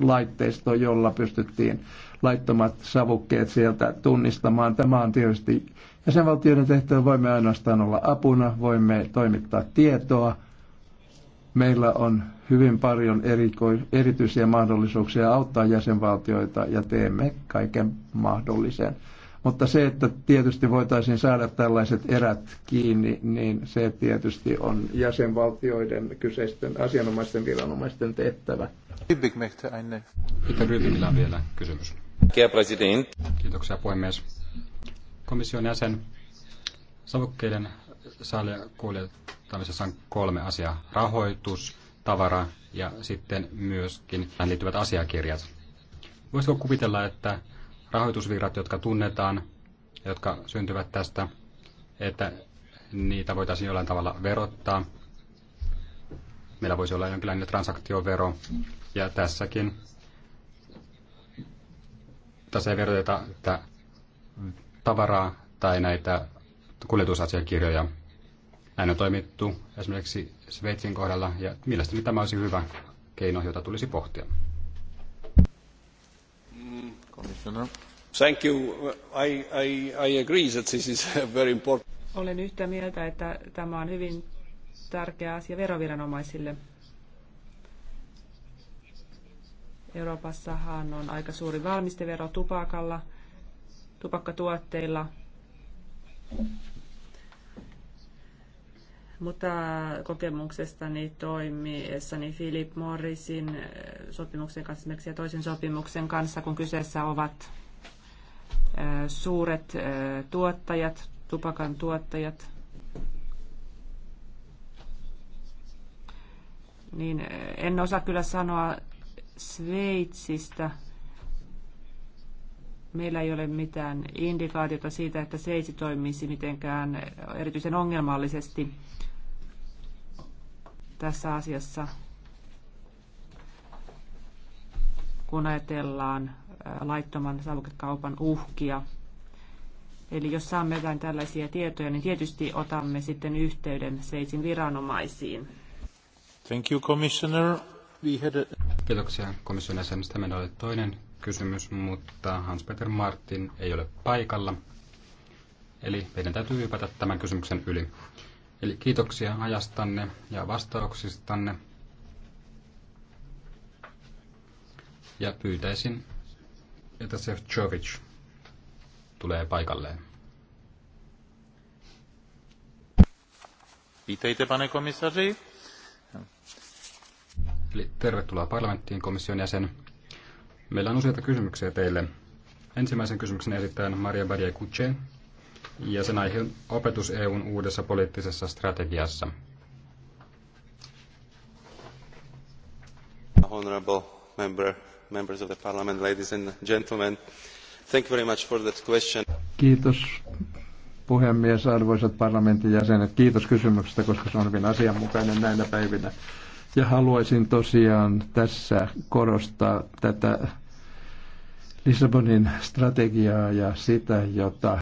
laitteisto, jolla pystyttiin laittomat savukkeet sieltä tunnistamaan. Tämä on tietysti jäsenvaltioiden tehtävä. Voimme ainoastaan olla apuna, voimme toimittaa tietoa. Meillä on hyvin paljon eriko- erityisiä mahdollisuuksia auttaa jäsenvaltioita ja teemme kaiken mahdollisen. Mutta se, että tietysti voitaisiin saada tällaiset erät kiinni, niin se tietysti on jäsenvaltioiden kyseisten asianomaisten viranomaisten tehtävä. Peter on vielä kysymys. Kiitoksia puhemies. Komission jäsen savukkeiden saalikuljettamisessa on kolme asiaa. Rahoitus, tavara ja sitten myöskin tähän liittyvät asiakirjat. Voisiko kuvitella, että rahoitusvirrat, jotka tunnetaan, jotka syntyvät tästä, että niitä voitaisiin jollain tavalla verottaa. Meillä voisi olla jonkinlainen transaktiovero, ja tässäkin tässä ei veroteta tätä tavaraa tai näitä kuljetusasiakirjoja. Näin on toimittu esimerkiksi Sveitsin kohdalla, ja mielestäni tämä olisi hyvä keino, jota tulisi pohtia. Thank you. I, I, I agree that this is very important. Olen yhtä mieltä, että tämä on hyvin tärkeä asia veroviranomaisille. Euroopassahan on aika suuri valmistevero tupakalla, tupakkatuotteilla mutta kokemuksestani toimiessani Philip Morrisin eh, sopimuksen kanssa ja toisen sopimuksen kanssa, kun kyseessä ovat eh, suuret eh, tuottajat, tupakan tuottajat, niin en osaa kyllä sanoa Sveitsistä – Meillä ei ole mitään indikaatiota siitä, että se ei toimisi mitenkään erityisen ongelmallisesti tässä asiassa, kun ajatellaan laittoman savukekaupan uhkia. Eli jos saamme jotain tällaisia tietoja, niin tietysti otamme sitten yhteyden Sveitsin viranomaisiin. Thank you, Commissioner. We had a... Kiitoksia komission jäsenestä. Meillä oli toinen kysymys, mutta Hans-Peter Martin ei ole paikalla. Eli meidän täytyy hypätä tämän kysymyksen yli. Eli kiitoksia ajastanne ja vastauksistanne. Ja pyytäisin, että Sefcovic tulee paikalleen. Vítejte, pane komissari. Eli tervetuloa parlamenttiin komission jäsen. Meillä on useita kysymyksiä teille. Ensimmäisen kysymyksen esittää Maria Badia Kuche, ja sen aihe on opetus EUn uudessa poliittisessa strategiassa. Honorable member, members of the parliament, ladies and gentlemen, thank you very much for that question. Kiitos puhemies, arvoisat parlamentin jäsenet. Kiitos kysymyksestä, koska se on hyvin asianmukainen näinä päivinä. Ja haluaisin tosiaan tässä korostaa tätä Lissabonin strategiaa ja sitä, jota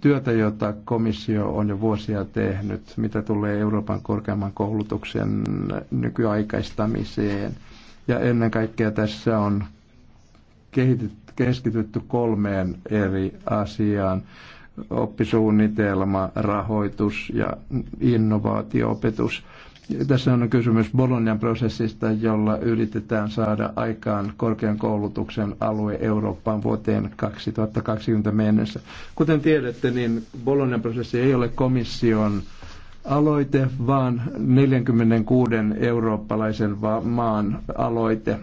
työtä, jota komissio on jo vuosia tehnyt, mitä tulee Euroopan korkeamman koulutuksen nykyaikaistamiseen. Ja ennen kaikkea tässä on keskitytty kolmeen eri asiaan. Oppisuunnitelma, rahoitus ja innovaatioopetus. opetus tässä on kysymys Bolognan prosessista, jolla yritetään saada aikaan korkean koulutuksen alue Eurooppaan vuoteen 2020 mennessä. Kuten tiedätte, niin Bolognan prosessi ei ole komission aloite, vaan 46 eurooppalaisen maan aloite.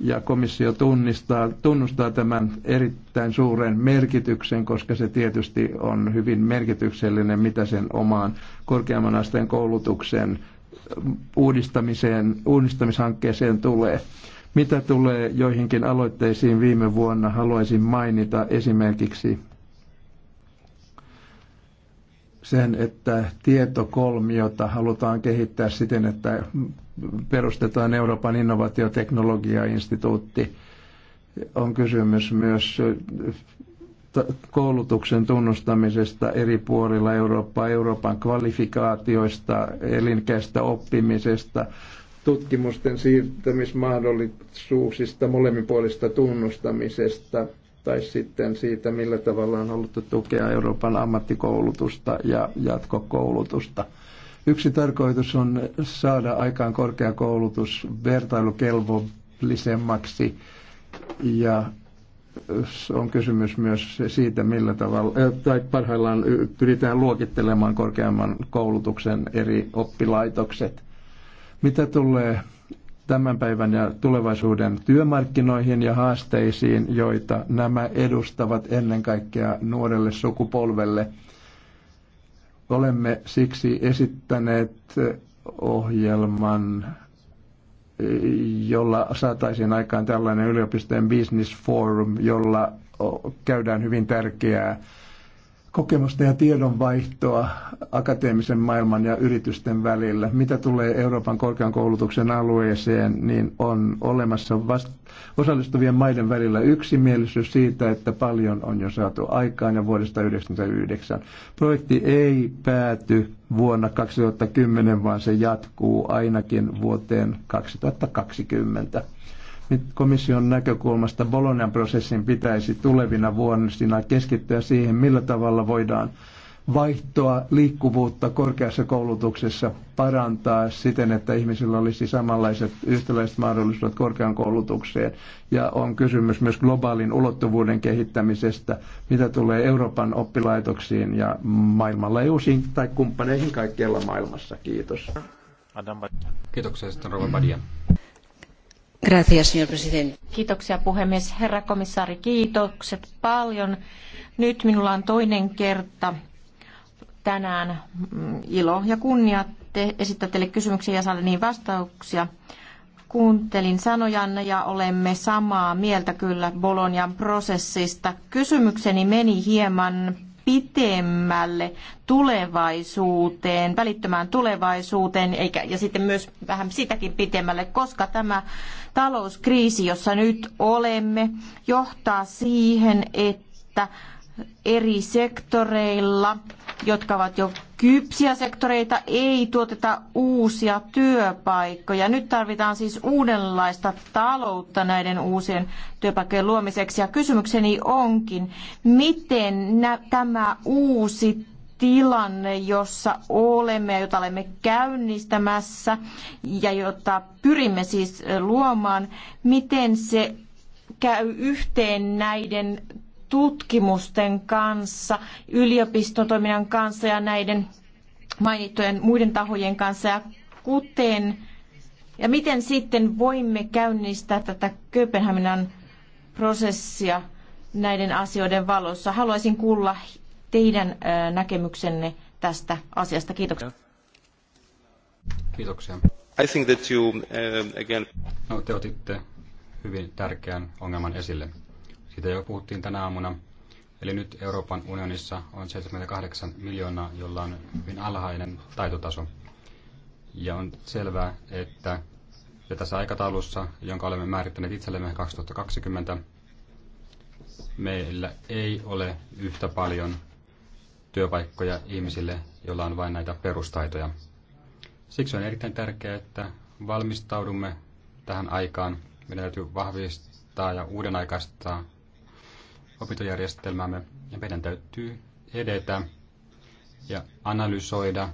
Ja komissio tunnistaa, tunnustaa tämän erittäin suuren merkityksen, koska se tietysti on hyvin merkityksellinen, mitä sen omaan korkeamman asteen koulutuksen uudistamiseen, uudistamishankkeeseen tulee. Mitä tulee joihinkin aloitteisiin viime vuonna, haluaisin mainita esimerkiksi sen, että tietokolmiota halutaan kehittää siten, että perustetaan Euroopan innovaatioteknologiainstituutti. On kysymys myös koulutuksen tunnustamisesta eri puolilla Eurooppaa, Euroopan kvalifikaatioista, elinkäistä oppimisesta, tutkimusten siirtämismahdollisuuksista, molemminpuolista tunnustamisesta tai sitten siitä, millä tavalla on haluttu tukea Euroopan ammattikoulutusta ja jatkokoulutusta. Yksi tarkoitus on saada aikaan korkeakoulutus vertailukelvollisemmaksi ja on kysymys myös siitä, millä tavalla, eh, tai parhaillaan pyritään luokittelemaan korkeamman koulutuksen eri oppilaitokset. Mitä tulee tämän päivän ja tulevaisuuden työmarkkinoihin ja haasteisiin, joita nämä edustavat ennen kaikkea nuorelle sukupolvelle. Olemme siksi esittäneet ohjelman jolla saataisiin aikaan tällainen yliopistojen business forum, jolla käydään hyvin tärkeää kokemusta ja tiedonvaihtoa akateemisen maailman ja yritysten välillä. Mitä tulee Euroopan korkean koulutuksen alueeseen, niin on olemassa vast- osallistuvien maiden välillä yksimielisyys siitä, että paljon on jo saatu aikaan ja vuodesta 1999. Projekti ei pääty vuonna 2010, vaan se jatkuu ainakin vuoteen 2020. Nyt komission näkökulmasta Bolonian prosessin pitäisi tulevina vuosina keskittyä siihen, millä tavalla voidaan vaihtoa, liikkuvuutta korkeassa koulutuksessa parantaa siten, että ihmisillä olisi samanlaiset yhtäläiset mahdollisuudet korkean koulutukseen. Ja on kysymys myös globaalin ulottuvuuden kehittämisestä, mitä tulee Euroopan oppilaitoksiin ja e uusiin tai kumppaneihin kaikkialla maailmassa. Kiitos. Kiitoksia sitten Rova Badia. Kiitoksia puhemies. Herra komissaari, kiitokset paljon. Nyt minulla on toinen kerta tänään mm, ilo ja kunnia te esittää teille kysymyksiä ja saada niin vastauksia. Kuuntelin sanojanne ja olemme samaa mieltä kyllä Bolonian prosessista. Kysymykseni meni hieman pitemmälle tulevaisuuteen, välittömään tulevaisuuteen eikä, ja sitten myös vähän sitäkin pitemmälle, koska tämä talouskriisi, jossa nyt olemme, johtaa siihen, että eri sektoreilla, jotka ovat jo kypsiä sektoreita, ei tuoteta uusia työpaikkoja. Nyt tarvitaan siis uudenlaista taloutta näiden uusien työpaikkojen luomiseksi. Ja kysymykseni onkin, miten tämä uusi tilanne, jossa olemme ja jota olemme käynnistämässä ja jota pyrimme siis luomaan, miten se käy yhteen näiden tutkimusten kanssa, yliopistotoiminnan kanssa ja näiden mainittujen muiden tahojen kanssa. Ja, kuten, ja miten sitten voimme käynnistää tätä Kööpenhaminan prosessia näiden asioiden valossa? Haluaisin kuulla teidän näkemyksenne tästä asiasta. Kiitoksia. Kiitoksia. I think that you, uh, again... no, te otitte hyvin tärkeän ongelman esille. Siitä jo puhuttiin tänä aamuna. Eli nyt Euroopan unionissa on 78 miljoonaa, jolla on hyvin alhainen taitotaso. Ja on selvää, että ja tässä aikataulussa, jonka olemme määrittäneet itsellemme 2020, meillä ei ole yhtä paljon työpaikkoja ihmisille, joilla on vain näitä perustaitoja. Siksi on erittäin tärkeää, että valmistaudumme tähän aikaan. Meidän täytyy vahvistaa ja uudenaikaistaa opintojärjestelmäämme ja meidän täytyy edetä ja analysoida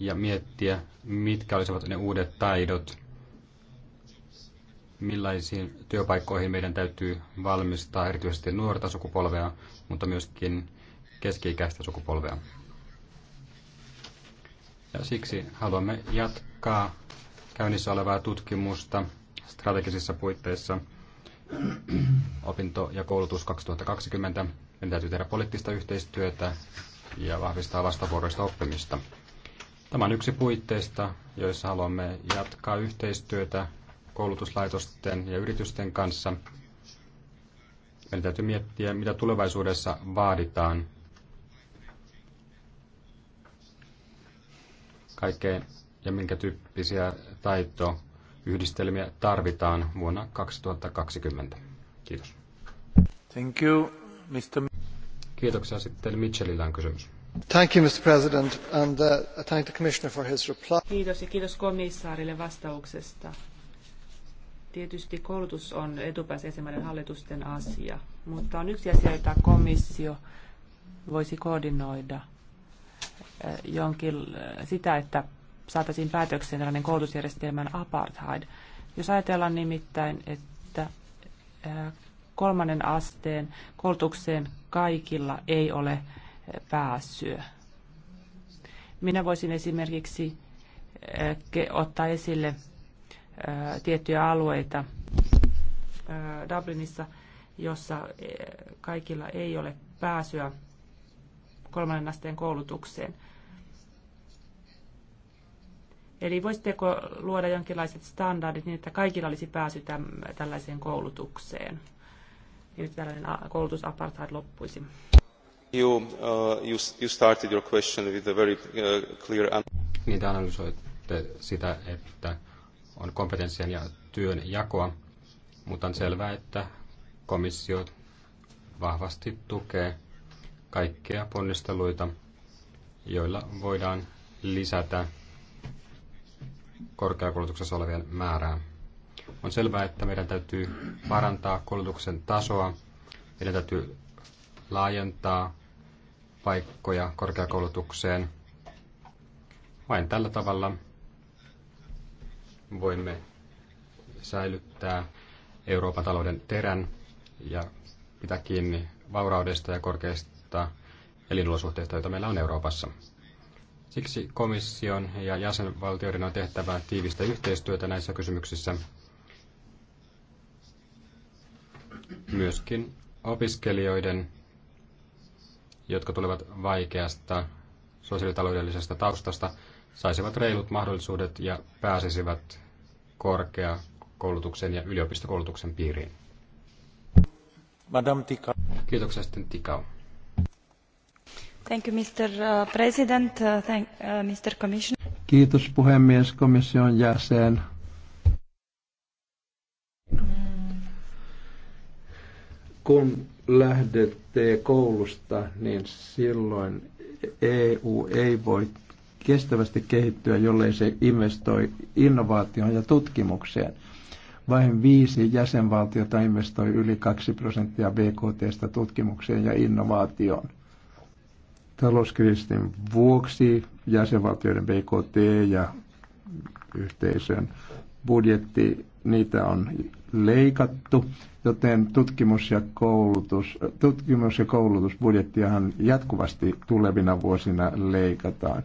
ja miettiä, mitkä olisivat ne uudet taidot, millaisiin työpaikkoihin meidän täytyy valmistaa erityisesti nuorta sukupolvea, mutta myöskin keski-ikäistä sukupolvea. Ja siksi haluamme jatkaa käynnissä olevaa tutkimusta strategisissa puitteissa – opinto- ja koulutus 2020. Meidän täytyy tehdä poliittista yhteistyötä ja vahvistaa vastavuoroista oppimista. Tämä on yksi puitteista, joissa haluamme jatkaa yhteistyötä koulutuslaitosten ja yritysten kanssa. Meidän täytyy miettiä, mitä tulevaisuudessa vaaditaan kaikkeen ja minkä tyyppisiä taitoja yhdistelmiä tarvitaan vuonna 2020. Kiitos. Thank you, Mr. Kiitoksia. Sitten Mitchellillä on kysymys. Thank you, Mr. President, and uh, thank the Commissioner for his reply. Kiitos ja kiitos komissaarille vastauksesta. Tietysti koulutus on etupääsiäisen hallitusten asia, mutta on yksi asia, jota komissio voisi koordinoida eh, jonkin, eh, sitä, että saataisiin päätökseen tällainen koulutusjärjestelmän apartheid. Jos ajatellaan nimittäin, että kolmannen asteen koulutukseen kaikilla ei ole pääsyä. Minä voisin esimerkiksi ottaa esille tiettyjä alueita Dublinissa, jossa kaikilla ei ole pääsyä kolmannen asteen koulutukseen. Eli voisitteko luoda jonkinlaiset standardit niin, että kaikilla olisi pääsy tällaiseen koulutukseen, niin että tällainen koulutusapartheid loppuisi? You, uh, you, you started your question with a very uh, clear answer. Niin, te analysoitte sitä, että on kompetenssien ja työn jakoa, mutta on selvää, että komissio vahvasti tukee kaikkia ponnisteluita, joilla voidaan lisätä korkeakoulutuksessa olevien määrää. On selvää, että meidän täytyy parantaa koulutuksen tasoa, meidän täytyy laajentaa paikkoja korkeakoulutukseen. Vain tällä tavalla voimme säilyttää Euroopan talouden terän ja pitää kiinni vauraudesta ja korkeista elinolosuhteista, joita meillä on Euroopassa. Siksi komission ja jäsenvaltioiden on tehtävä tiivistä yhteistyötä näissä kysymyksissä. Myöskin opiskelijoiden, jotka tulevat vaikeasta sosiaalitaloudellisesta taustasta, saisivat reilut mahdollisuudet ja pääsisivät korkeakoulutuksen ja yliopistokoulutuksen piiriin. Madame Tika. Kiitoksia sitten Tikau. Thank you, Mr. Uh, president. Uh, thank, uh, Mr. Commissioner. Kiitos puhemies, komission jäsen. Kun lähdette koulusta, niin silloin EU ei voi kestävästi kehittyä, jollei se investoi innovaatioon ja tutkimukseen. Vain viisi jäsenvaltiota investoi yli 2 prosenttia BKTstä tutkimukseen ja innovaatioon talouskriisin vuoksi jäsenvaltioiden BKT ja yhteisön budjetti, niitä on leikattu, joten tutkimus- ja, koulutus, tutkimus- ja koulutusbudjettiahan jatkuvasti tulevina vuosina leikataan.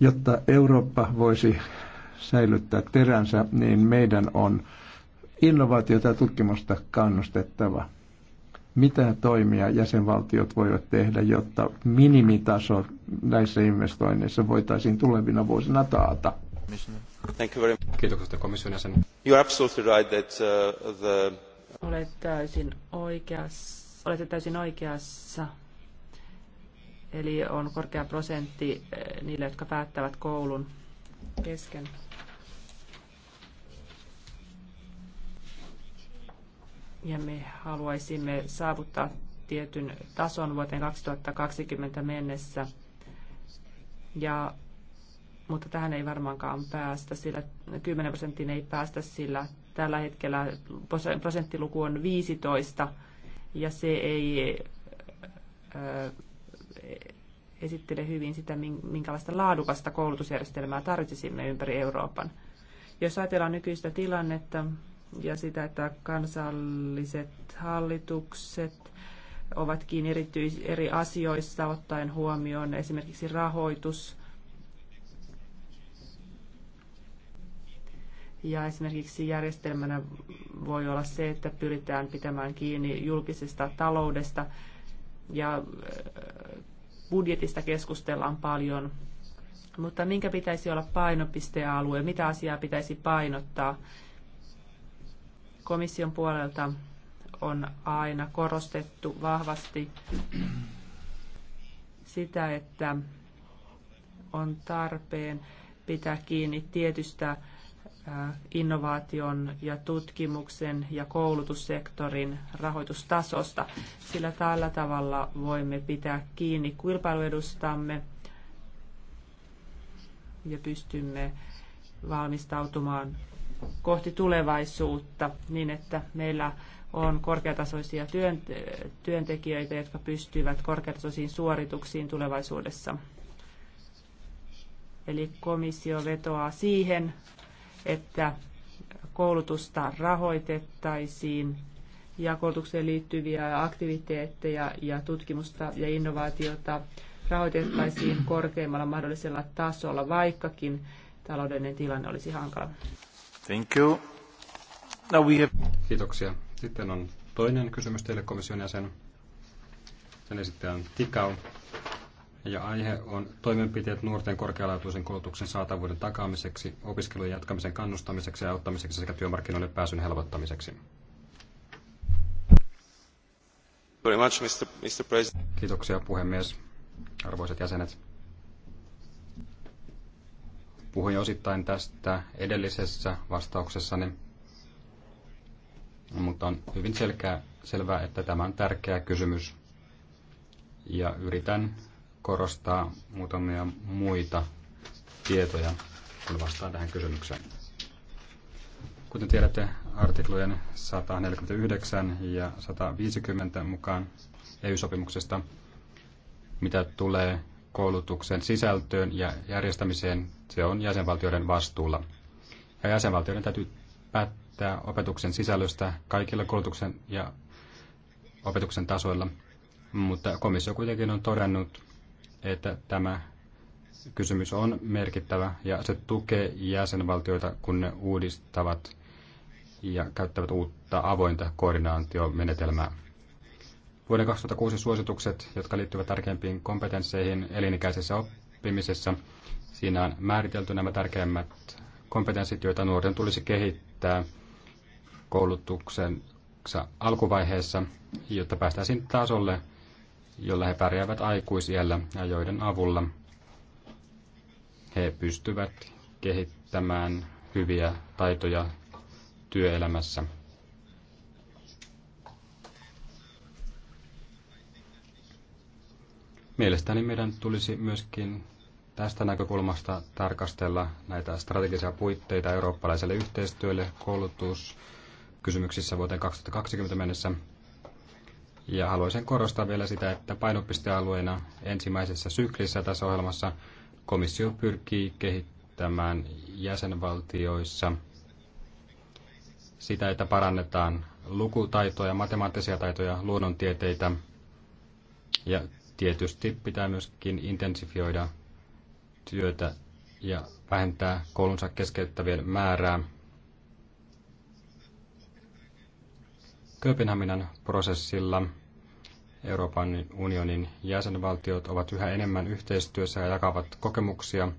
Jotta Eurooppa voisi säilyttää teränsä, niin meidän on innovaatiota ja tutkimusta kannustettava mitä toimia jäsenvaltiot voivat tehdä, jotta minimitaso näissä investoinneissa voitaisiin tulevina vuosina taata. Thank you very much. Kiitokset komission jäsen. You're absolutely right that uh, the... Olet täysin oikeassa. Olette täysin oikeassa. Eli on korkea prosentti eh, niille, jotka päättävät koulun kesken. ja me haluaisimme saavuttaa tietyn tason vuoteen 2020 mennessä. Ja, mutta tähän ei varmaankaan päästä, sillä 10 prosenttiin ei päästä, sillä tällä hetkellä prosenttiluku on 15 ja se ei äh, esittele hyvin sitä, minkälaista laadukasta koulutusjärjestelmää tarvitsisimme ympäri Euroopan. Jos ajatellaan nykyistä tilannetta, ja sitä, että kansalliset hallitukset ovatkin erityis- eri asioissa ottaen huomioon esimerkiksi rahoitus ja esimerkiksi järjestelmänä voi olla se, että pyritään pitämään kiinni julkisesta taloudesta ja äh, budjetista keskustellaan paljon, mutta minkä pitäisi olla painopistealue, mitä asiaa pitäisi painottaa – Komission puolelta on aina korostettu vahvasti sitä, että on tarpeen pitää kiinni tietystä innovaation ja tutkimuksen ja koulutussektorin rahoitustasosta, sillä tällä tavalla voimme pitää kiinni kilpailuedustamme ja pystymme valmistautumaan kohti tulevaisuutta niin, että meillä on korkeatasoisia työntekijöitä, jotka pystyvät korkeatasoisiin suorituksiin tulevaisuudessa. Eli komissio vetoaa siihen, että koulutusta rahoitettaisiin ja koulutukseen liittyviä aktiviteetteja ja tutkimusta ja innovaatiota rahoitettaisiin korkeimmalla mahdollisella tasolla, vaikkakin taloudellinen tilanne olisi hankala. Thank you. Now we have... Kiitoksia. Sitten on toinen kysymys teille komission jäsen. Sen esittäjä on Tikau. Ja aihe on toimenpiteet nuorten korkealaatuisen koulutuksen saatavuuden takaamiseksi, opiskelujen jatkamisen kannustamiseksi ja auttamiseksi sekä työmarkkinoille pääsyn helpottamiseksi. Very much, Mr. Mr. President. Kiitoksia puhemies, arvoisat jäsenet puhuin osittain tästä edellisessä vastauksessani, mutta on hyvin selkeä, selvää, että tämä on tärkeä kysymys. Ja yritän korostaa muutamia muita tietoja, kun vastaan tähän kysymykseen. Kuten tiedätte, artiklojen 149 ja 150 mukaan EU-sopimuksesta, mitä tulee koulutuksen sisältöön ja järjestämiseen, se on jäsenvaltioiden vastuulla. Ja jäsenvaltioiden täytyy päättää opetuksen sisällöstä kaikilla koulutuksen ja opetuksen tasoilla, mutta komissio kuitenkin on todennut, että tämä kysymys on merkittävä ja se tukee jäsenvaltioita, kun ne uudistavat ja käyttävät uutta avointa koordinaatiomenetelmää. Vuoden 2006 suositukset, jotka liittyvät tärkeimpiin kompetensseihin elinikäisessä oppimisessa, siinä on määritelty nämä tärkeimmät kompetenssit, joita nuorten tulisi kehittää koulutuksen alkuvaiheessa, jotta päästäisiin tasolle, jolla he pärjäävät aikuisiellä ja joiden avulla he pystyvät kehittämään hyviä taitoja työelämässä. Mielestäni meidän tulisi myöskin tästä näkökulmasta tarkastella näitä strategisia puitteita eurooppalaiselle yhteistyölle koulutuskysymyksissä vuoteen 2020 mennessä. Ja haluaisin korostaa vielä sitä, että painopistealueena ensimmäisessä syklissä tässä ohjelmassa komissio pyrkii kehittämään jäsenvaltioissa sitä, että parannetaan lukutaitoja, matemaattisia taitoja, luonnontieteitä ja Tietysti pitää myöskin intensifioida työtä ja vähentää koulunsa keskeyttävien määrää. Kööpenhaminan prosessilla Euroopan unionin jäsenvaltiot ovat yhä enemmän yhteistyössä ja jakavat kokemuksia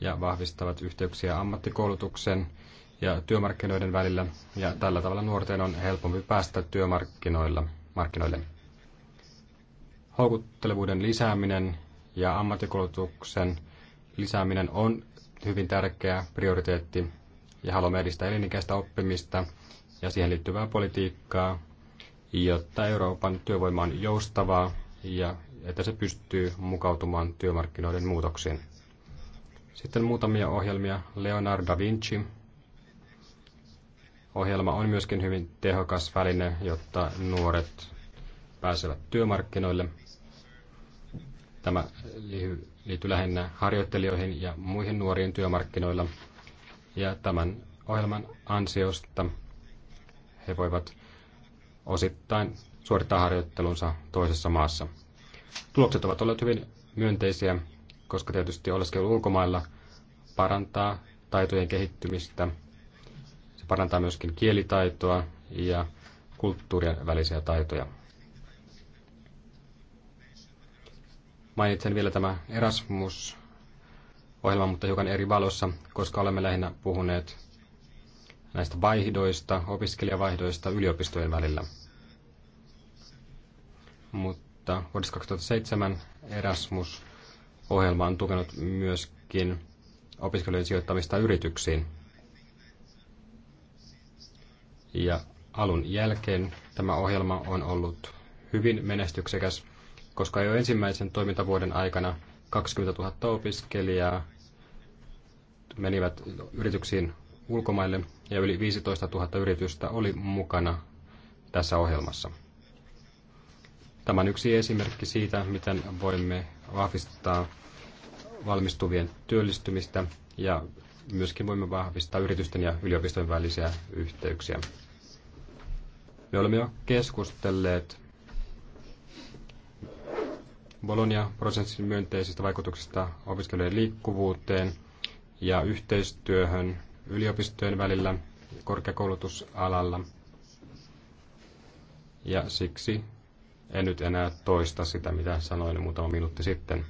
ja vahvistavat yhteyksiä ammattikoulutuksen ja työmarkkinoiden välillä, ja tällä tavalla nuorten on helpompi päästä työmarkkinoille houkuttelevuuden lisääminen ja ammattikoulutuksen lisääminen on hyvin tärkeä prioriteetti ja haluamme edistää elinikäistä oppimista ja siihen liittyvää politiikkaa, jotta Euroopan työvoima on joustavaa ja että se pystyy mukautumaan työmarkkinoiden muutoksiin. Sitten muutamia ohjelmia. Leonardo da Vinci. Ohjelma on myöskin hyvin tehokas väline, jotta nuoret pääsevät työmarkkinoille. Tämä liittyy lähinnä harjoittelijoihin ja muihin nuoriin työmarkkinoilla. Ja tämän ohjelman ansiosta he voivat osittain suorittaa harjoittelunsa toisessa maassa. Tulokset ovat olleet hyvin myönteisiä, koska tietysti oleskelu ulkomailla parantaa taitojen kehittymistä. Se parantaa myöskin kielitaitoa ja kulttuurien välisiä taitoja. Mainitsen vielä tämä Erasmus-ohjelma, mutta hiukan eri valossa, koska olemme lähinnä puhuneet näistä vaihdoista, opiskelijavaihdoista yliopistojen välillä. Mutta vuodesta 2007 Erasmus-ohjelma on tukenut myöskin opiskelijoiden sijoittamista yrityksiin. Ja alun jälkeen tämä ohjelma on ollut hyvin menestyksekäs koska jo ensimmäisen toimintavuoden aikana 20 000 opiskelijaa menivät yrityksiin ulkomaille ja yli 15 000 yritystä oli mukana tässä ohjelmassa. Tämä on yksi esimerkki siitä, miten voimme vahvistaa valmistuvien työllistymistä ja myöskin voimme vahvistaa yritysten ja yliopistojen välisiä yhteyksiä. Me olemme jo keskustelleet Bologna-prosessin myönteisistä vaikutuksista opiskelijoiden liikkuvuuteen ja yhteistyöhön yliopistojen välillä korkeakoulutusalalla. Ja siksi en nyt enää toista sitä, mitä sanoin muutama minuutti sitten.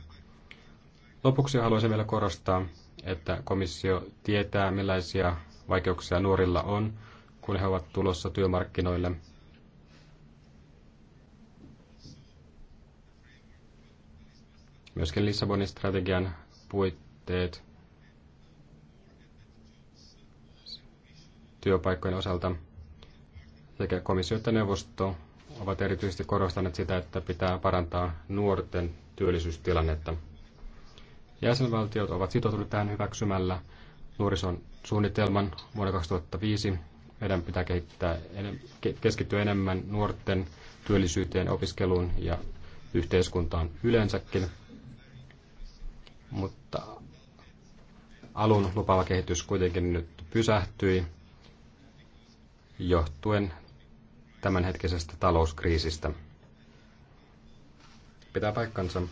Lopuksi haluaisin vielä korostaa, että komissio tietää, millaisia vaikeuksia nuorilla on, kun he ovat tulossa työmarkkinoille – Myöskin Lissabonin strategian puitteet työpaikkojen osalta sekä komissio että neuvosto ovat erityisesti korostaneet sitä, että pitää parantaa nuorten työllisyystilannetta. Jäsenvaltiot ovat sitoutuneet tähän hyväksymällä nuorison suunnitelman vuonna 2005. Meidän pitää kehittää, keskittyä enemmän nuorten työllisyyteen, opiskeluun ja yhteiskuntaan yleensäkin. Mutta alun lupaava kehitys kuitenkin nyt pysähtyi johtuen tämänhetkisestä talouskriisistä. Pitää paikkansa,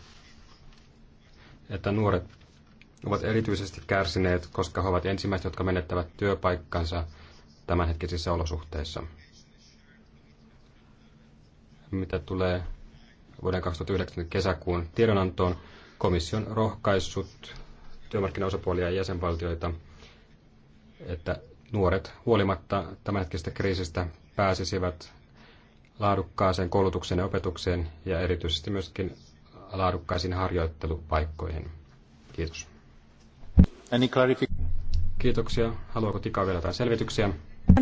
että nuoret ovat erityisesti kärsineet, koska he ovat ensimmäiset, jotka menettävät työpaikkansa tämänhetkisissä olosuhteissa. Mitä tulee vuoden 2009 kesäkuun tiedonantoon, Komission rohkaissut työmarkkinaosapuolia ja jäsenvaltioita, että nuoret huolimatta tämänhetkisestä kriisistä pääsisivät laadukkaaseen koulutukseen ja opetukseen ja erityisesti myöskin laadukkaisiin harjoittelupaikkoihin. Kiitos. Any Kiitoksia. Haluaako Tika vielä jotain selvityksiä?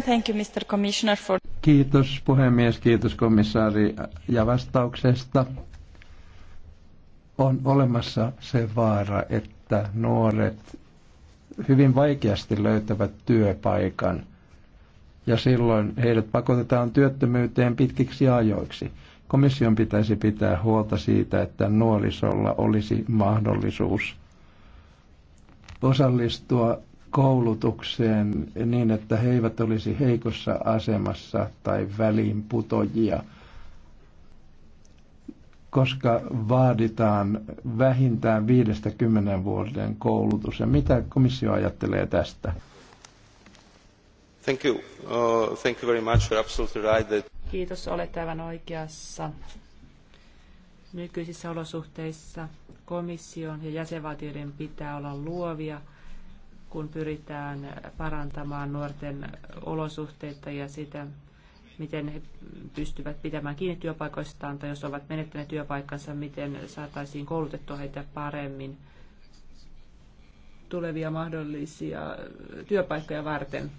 Thank you, Mr. Commissioner, for... Kiitos puhemies, kiitos komissaari ja vastauksesta on olemassa se vaara, että nuoret hyvin vaikeasti löytävät työpaikan ja silloin heidät pakotetaan työttömyyteen pitkiksi ajoiksi. Komission pitäisi pitää huolta siitä, että nuorisolla olisi mahdollisuus osallistua koulutukseen niin, että he eivät olisi heikossa asemassa tai väliinputojia – koska vaaditaan vähintään 50 vuoden koulutus. Ja mitä komissio ajattelee tästä? Thank you. Uh, thank you very much. You're absolutely right that... Kiitos, olet aivan oikeassa. Nykyisissä olosuhteissa komission ja jäsenvaltioiden pitää olla luovia, kun pyritään parantamaan nuorten olosuhteita ja sitä, miten he pystyvät pitämään kiinni työpaikoistaan tai jos ovat menettäneet työpaikkansa, miten saataisiin koulutettua heitä paremmin tulevia mahdollisia työpaikkoja varten.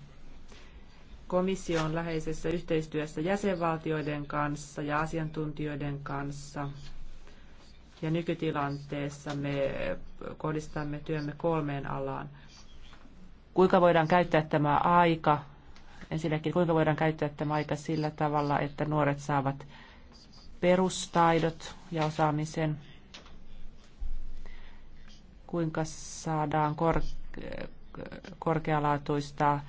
Komissio on läheisessä yhteistyössä jäsenvaltioiden kanssa ja asiantuntijoiden kanssa. Ja nykytilanteessa me kohdistamme työmme kolmeen alaan. Kuinka voidaan käyttää tämä aika Ensinnäkin, kuinka voidaan käyttää tämä aika sillä tavalla, että nuoret saavat perustaidot ja osaamisen, kuinka saadaan kor- korkealaatuista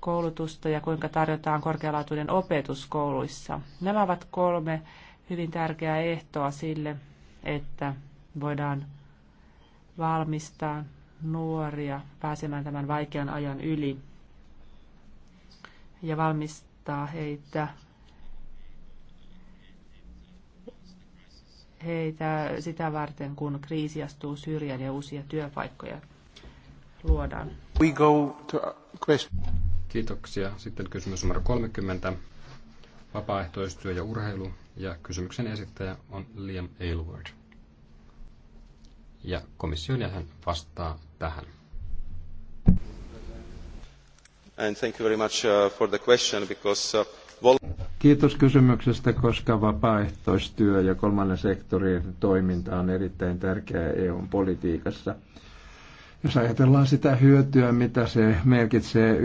koulutusta ja kuinka tarjotaan korkealaatuinen opetus kouluissa. Nämä ovat kolme hyvin tärkeää ehtoa sille, että voidaan valmistaa nuoria pääsemään tämän vaikean ajan yli ja valmistaa heitä heitä sitä varten, kun kriisi astuu syrjään ja uusia työpaikkoja luodaan. We go to Kiitoksia. Sitten kysymys numero 30. Vapaaehtoistyö ja urheilu. Ja kysymyksen esittäjä on Liam Aylward. Ja komission jäsen vastaa tähän. And thank you very much uh, for the question because uh, Kiitos kysymyksestä, koska vapaaehtoistyö ja kolmannen sektorin toiminta on erittäin tärkeää EUn politiikassa. Jos ajatellaan sitä hyötyä, mitä se merkitsee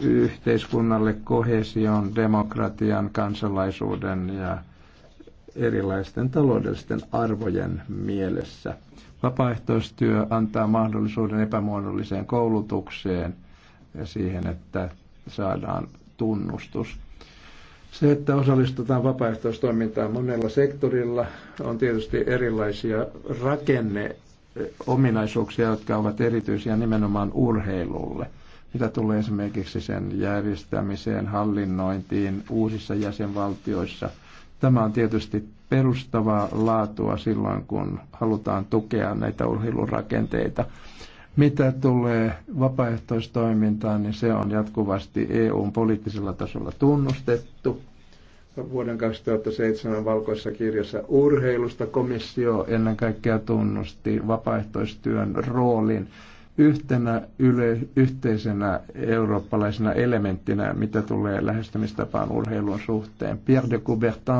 yhteiskunnalle, kohesion, demokratian, kansalaisuuden ja erilaisten taloudellisten arvojen mielessä. Vapaaehtoistyö antaa mahdollisuuden epämuodolliseen koulutukseen – siihen, että saadaan tunnustus. Se, että osallistutaan vapaaehtoistoimintaan monella sektorilla, on tietysti erilaisia rakenneominaisuuksia, jotka ovat erityisiä nimenomaan urheilulle. Mitä tulee esimerkiksi sen järjestämiseen, hallinnointiin uusissa jäsenvaltioissa. Tämä on tietysti perustavaa laatua silloin, kun halutaan tukea näitä urheilurakenteita. Mitä tulee vapaaehtoistoimintaan, niin se on jatkuvasti EUn poliittisella tasolla tunnustettu. Vuoden 2007 valkoisessa kirjassa urheilusta komissio ennen kaikkea tunnusti vapaaehtoistyön roolin yhtenä yle, yhteisenä eurooppalaisena elementtinä, mitä tulee lähestymistapaan urheilun suhteen. Pierre de Coubertin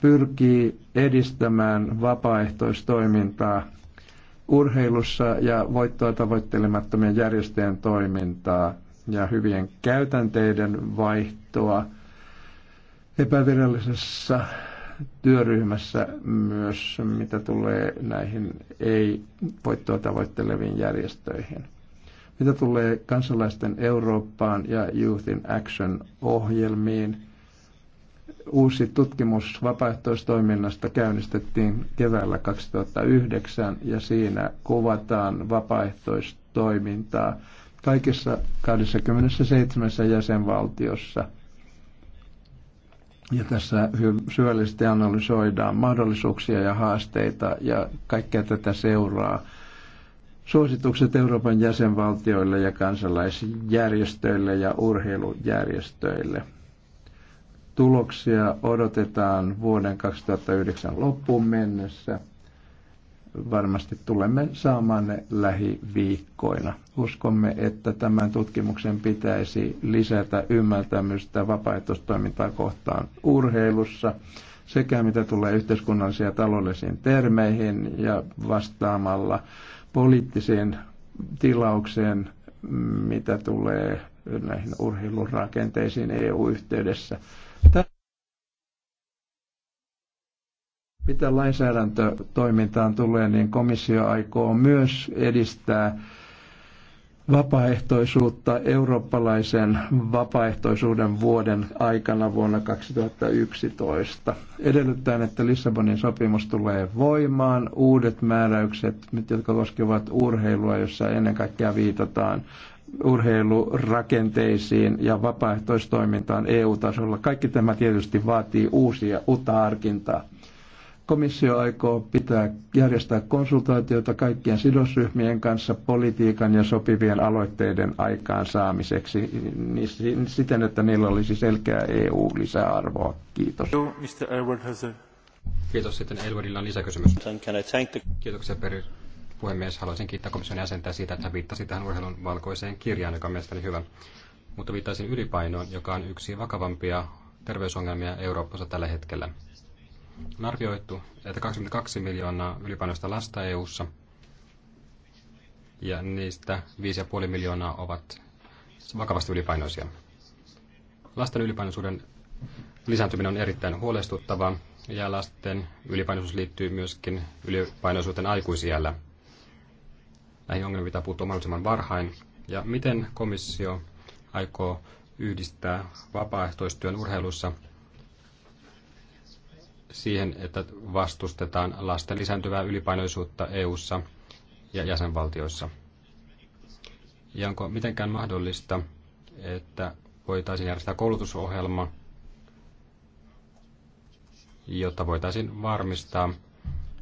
pyrkii edistämään vapaaehtoistoimintaa urheilussa ja voittoa tavoittelemattomien järjestöjen toimintaa ja hyvien käytänteiden vaihtoa epävirallisessa työryhmässä myös, mitä tulee näihin ei-voittoa tavoitteleviin järjestöihin. Mitä tulee kansalaisten Eurooppaan ja Youth in Action-ohjelmiin, Uusi tutkimus vapaaehtoistoiminnasta käynnistettiin keväällä 2009 ja siinä kuvataan vapaaehtoistoimintaa kaikissa 27 jäsenvaltiossa. Ja tässä syvällisesti analysoidaan mahdollisuuksia ja haasteita ja kaikkea tätä seuraa suositukset Euroopan jäsenvaltioille ja kansalaisjärjestöille ja urheilujärjestöille. Tuloksia odotetaan vuoden 2009 loppuun mennessä. Varmasti tulemme saamaan ne lähiviikkoina. Uskomme, että tämän tutkimuksen pitäisi lisätä ymmärtämystä vapaaehtoistoimintaa kohtaan urheilussa sekä mitä tulee yhteiskunnallisiin ja taloudellisiin termeihin ja vastaamalla poliittiseen tilaukseen, mitä tulee näihin urheilurakenteisiin EU-yhteydessä. Mitä lainsäädäntötoimintaan tulee, niin komissio aikoo myös edistää vapaaehtoisuutta eurooppalaisen vapaaehtoisuuden vuoden aikana vuonna 2011. Edellyttäen, että Lissabonin sopimus tulee voimaan, uudet määräykset, jotka koskevat urheilua, jossa ennen kaikkea viitataan urheilurakenteisiin ja vapaaehtoistoimintaan EU-tasolla. Kaikki tämä tietysti vaatii uusia uutta harkintaa. Komissio aikoo pitää järjestää konsultaatiota kaikkien sidosryhmien kanssa politiikan ja sopivien aloitteiden aikaansaamiseksi niin siten, että niillä olisi selkeää EU-lisäarvoa. Kiitos. Mr. Edward Kiitos. Sitten Elwardilla on lisäkysymys. Kiitoksia Peri puhemies, haluaisin kiittää komission jäsentä siitä, että hän viittasi tähän urheilun valkoiseen kirjaan, joka on mielestäni hyvä. Mutta viittaisin ylipainoon, joka on yksi vakavampia terveysongelmia Euroopassa tällä hetkellä. On arvioitu, että 22 miljoonaa ylipainoista lasta EU:ssa ja niistä 5,5 miljoonaa ovat vakavasti ylipainoisia. Lasten ylipainoisuuden lisääntyminen on erittäin huolestuttavaa ja lasten ylipainoisuus liittyy myöskin ylipainoisuuteen aikuisijällä näihin ongelmiin pitää puuttua mahdollisimman varhain. Ja miten komissio aikoo yhdistää vapaaehtoistyön urheilussa siihen, että vastustetaan lasten lisääntyvää ylipainoisuutta EU:ssa ja jäsenvaltioissa? Ja onko mitenkään mahdollista, että voitaisiin järjestää koulutusohjelma, jotta voitaisiin varmistaa,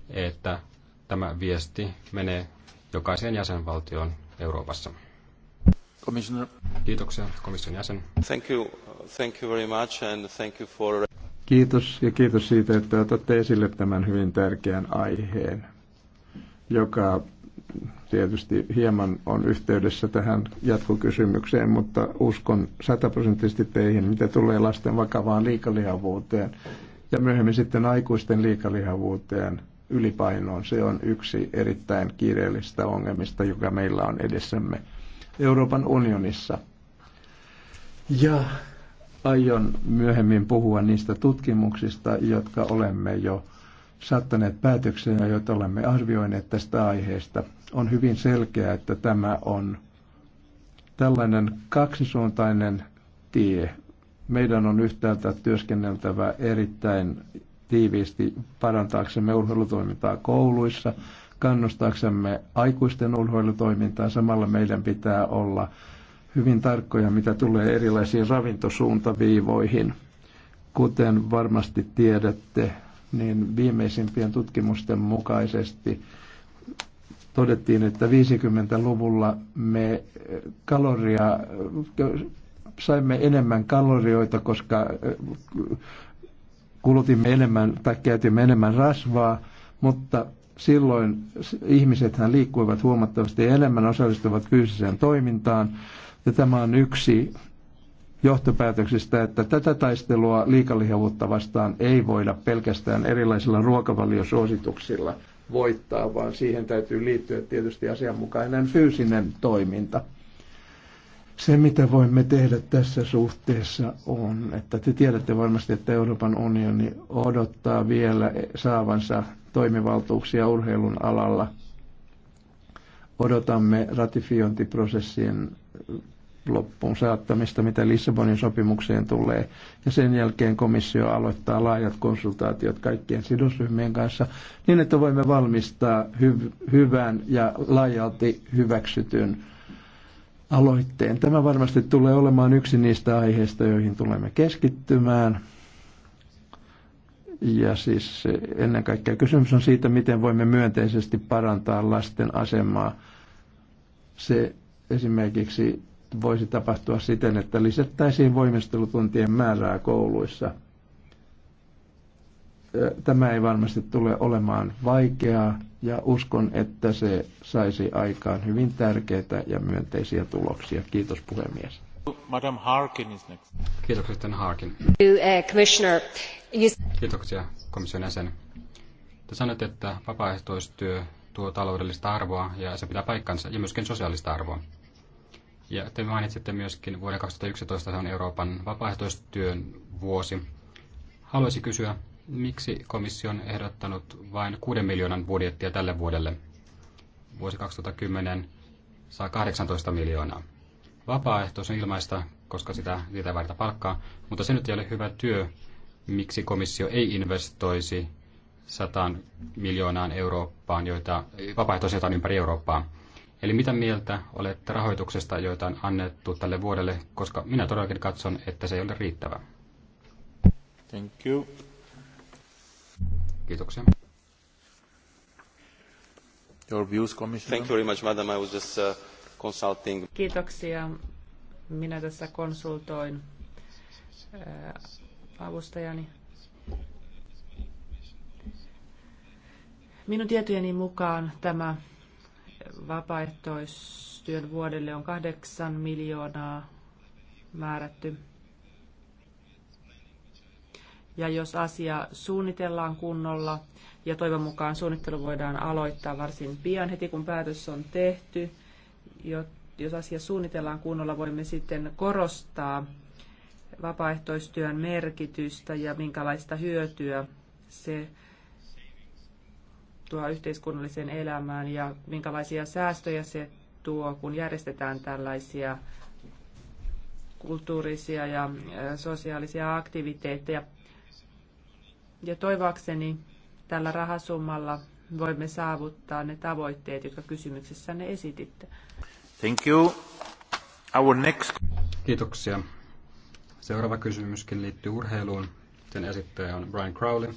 että tämä viesti menee jokaiseen jäsenvaltioon Euroopassa. Commissioner. Kiitoksia komission jäsen. Thank you, thank you very much and thank you for... Kiitos ja kiitos siitä, että otatte esille tämän hyvin tärkeän aiheen, joka tietysti hieman on yhteydessä tähän jatkokysymykseen, mutta uskon sataprosenttisesti teihin, mitä tulee lasten vakavaan liikalihavuuteen ja myöhemmin sitten aikuisten liikalihavuuteen – ylipainoon. Se on yksi erittäin kiireellistä ongelmista, joka meillä on edessämme Euroopan unionissa. Ja aion myöhemmin puhua niistä tutkimuksista, jotka olemme jo saattaneet päätökseen ja joita olemme arvioineet tästä aiheesta. On hyvin selkeää, että tämä on tällainen kaksisuuntainen tie. Meidän on yhtäältä työskenneltävä erittäin tiiviisti parantaaksemme urheilutoimintaa kouluissa, kannustaaksemme aikuisten urheilutoimintaa. Samalla meidän pitää olla hyvin tarkkoja, mitä tulee erilaisiin ravintosuuntaviivoihin. Kuten varmasti tiedätte, niin viimeisimpien tutkimusten mukaisesti todettiin, että 50-luvulla me kaloria, saimme enemmän kalorioita, koska kulutimme enemmän tai käytimme enemmän rasvaa, mutta silloin ihmisethän liikkuivat huomattavasti enemmän, osallistuvat fyysiseen toimintaan. Ja tämä on yksi johtopäätöksistä, että tätä taistelua liikalihavuutta vastaan ei voida pelkästään erilaisilla ruokavaliosuosituksilla voittaa, vaan siihen täytyy liittyä tietysti asianmukainen fyysinen toiminta. Se, mitä voimme tehdä tässä suhteessa on, että te tiedätte varmasti, että Euroopan unioni odottaa vielä saavansa toimivaltuuksia urheilun alalla. Odotamme ratifiointiprosessien loppuun saattamista, mitä Lissabonin sopimukseen tulee. Ja sen jälkeen komissio aloittaa laajat konsultaatiot kaikkien sidosryhmien kanssa niin, että voimme valmistaa hyv- hyvän ja laajalti hyväksytyn aloitteen. Tämä varmasti tulee olemaan yksi niistä aiheista, joihin tulemme keskittymään. Ja siis ennen kaikkea kysymys on siitä, miten voimme myönteisesti parantaa lasten asemaa. Se esimerkiksi voisi tapahtua siten, että lisättäisiin voimistelutuntien määrää kouluissa – Tämä ei varmasti tule olemaan vaikeaa ja uskon, että se saisi aikaan hyvin tärkeitä ja myönteisiä tuloksia. Kiitos puhemies. Madam Harkin is next. Kiitoksia sitten Harkin. Uh, Kiitoksia komission jäsen. Te sanoitte, että vapaaehtoistyö tuo taloudellista arvoa ja se pitää paikkansa ja myöskin sosiaalista arvoa. Ja te mainitsitte myöskin vuoden 2011 se on Euroopan vapaaehtoistyön vuosi. Haluaisin kysyä, Miksi komissio on ehdottanut vain 6 miljoonan budjettia tälle vuodelle? Vuosi 2010 saa 18 miljoonaa. Vapaaehtoisen on ilmaista, koska sitä, sitä ei palkkaa, mutta se nyt ei ole hyvä työ. Miksi komissio ei investoisi sataan miljoonaan Eurooppaan, joita vapaaehtoisia on ympäri Eurooppaa. Eli mitä mieltä olette rahoituksesta, joita on annettu tälle vuodelle, koska minä todellakin katson, että se ei ole riittävä. Thank you. Kiitoksia. Your views, Commissioner. Thank you very much, madam. I was just uh, consulting. Kiitoksia. Minä tässä konsultoin äh, avustajani. Minun tietojeni mukaan tämä vapaaehtoistyön vuodelle on kahdeksan miljoonaa määrätty ja jos asia suunnitellaan kunnolla, ja toivon mukaan suunnittelu voidaan aloittaa varsin pian heti kun päätös on tehty, jos asia suunnitellaan kunnolla, voimme sitten korostaa vapaaehtoistyön merkitystä ja minkälaista hyötyä se tuo yhteiskunnalliseen elämään ja minkälaisia säästöjä se tuo, kun järjestetään tällaisia kulttuurisia ja sosiaalisia aktiviteetteja ja toivoakseni tällä rahasummalla voimme saavuttaa ne tavoitteet, jotka kysymyksessänne esititte. Thank you. Our next... Kiitoksia. Seuraava kysymyskin liittyy urheiluun. Sen esittäjä on Brian Crowley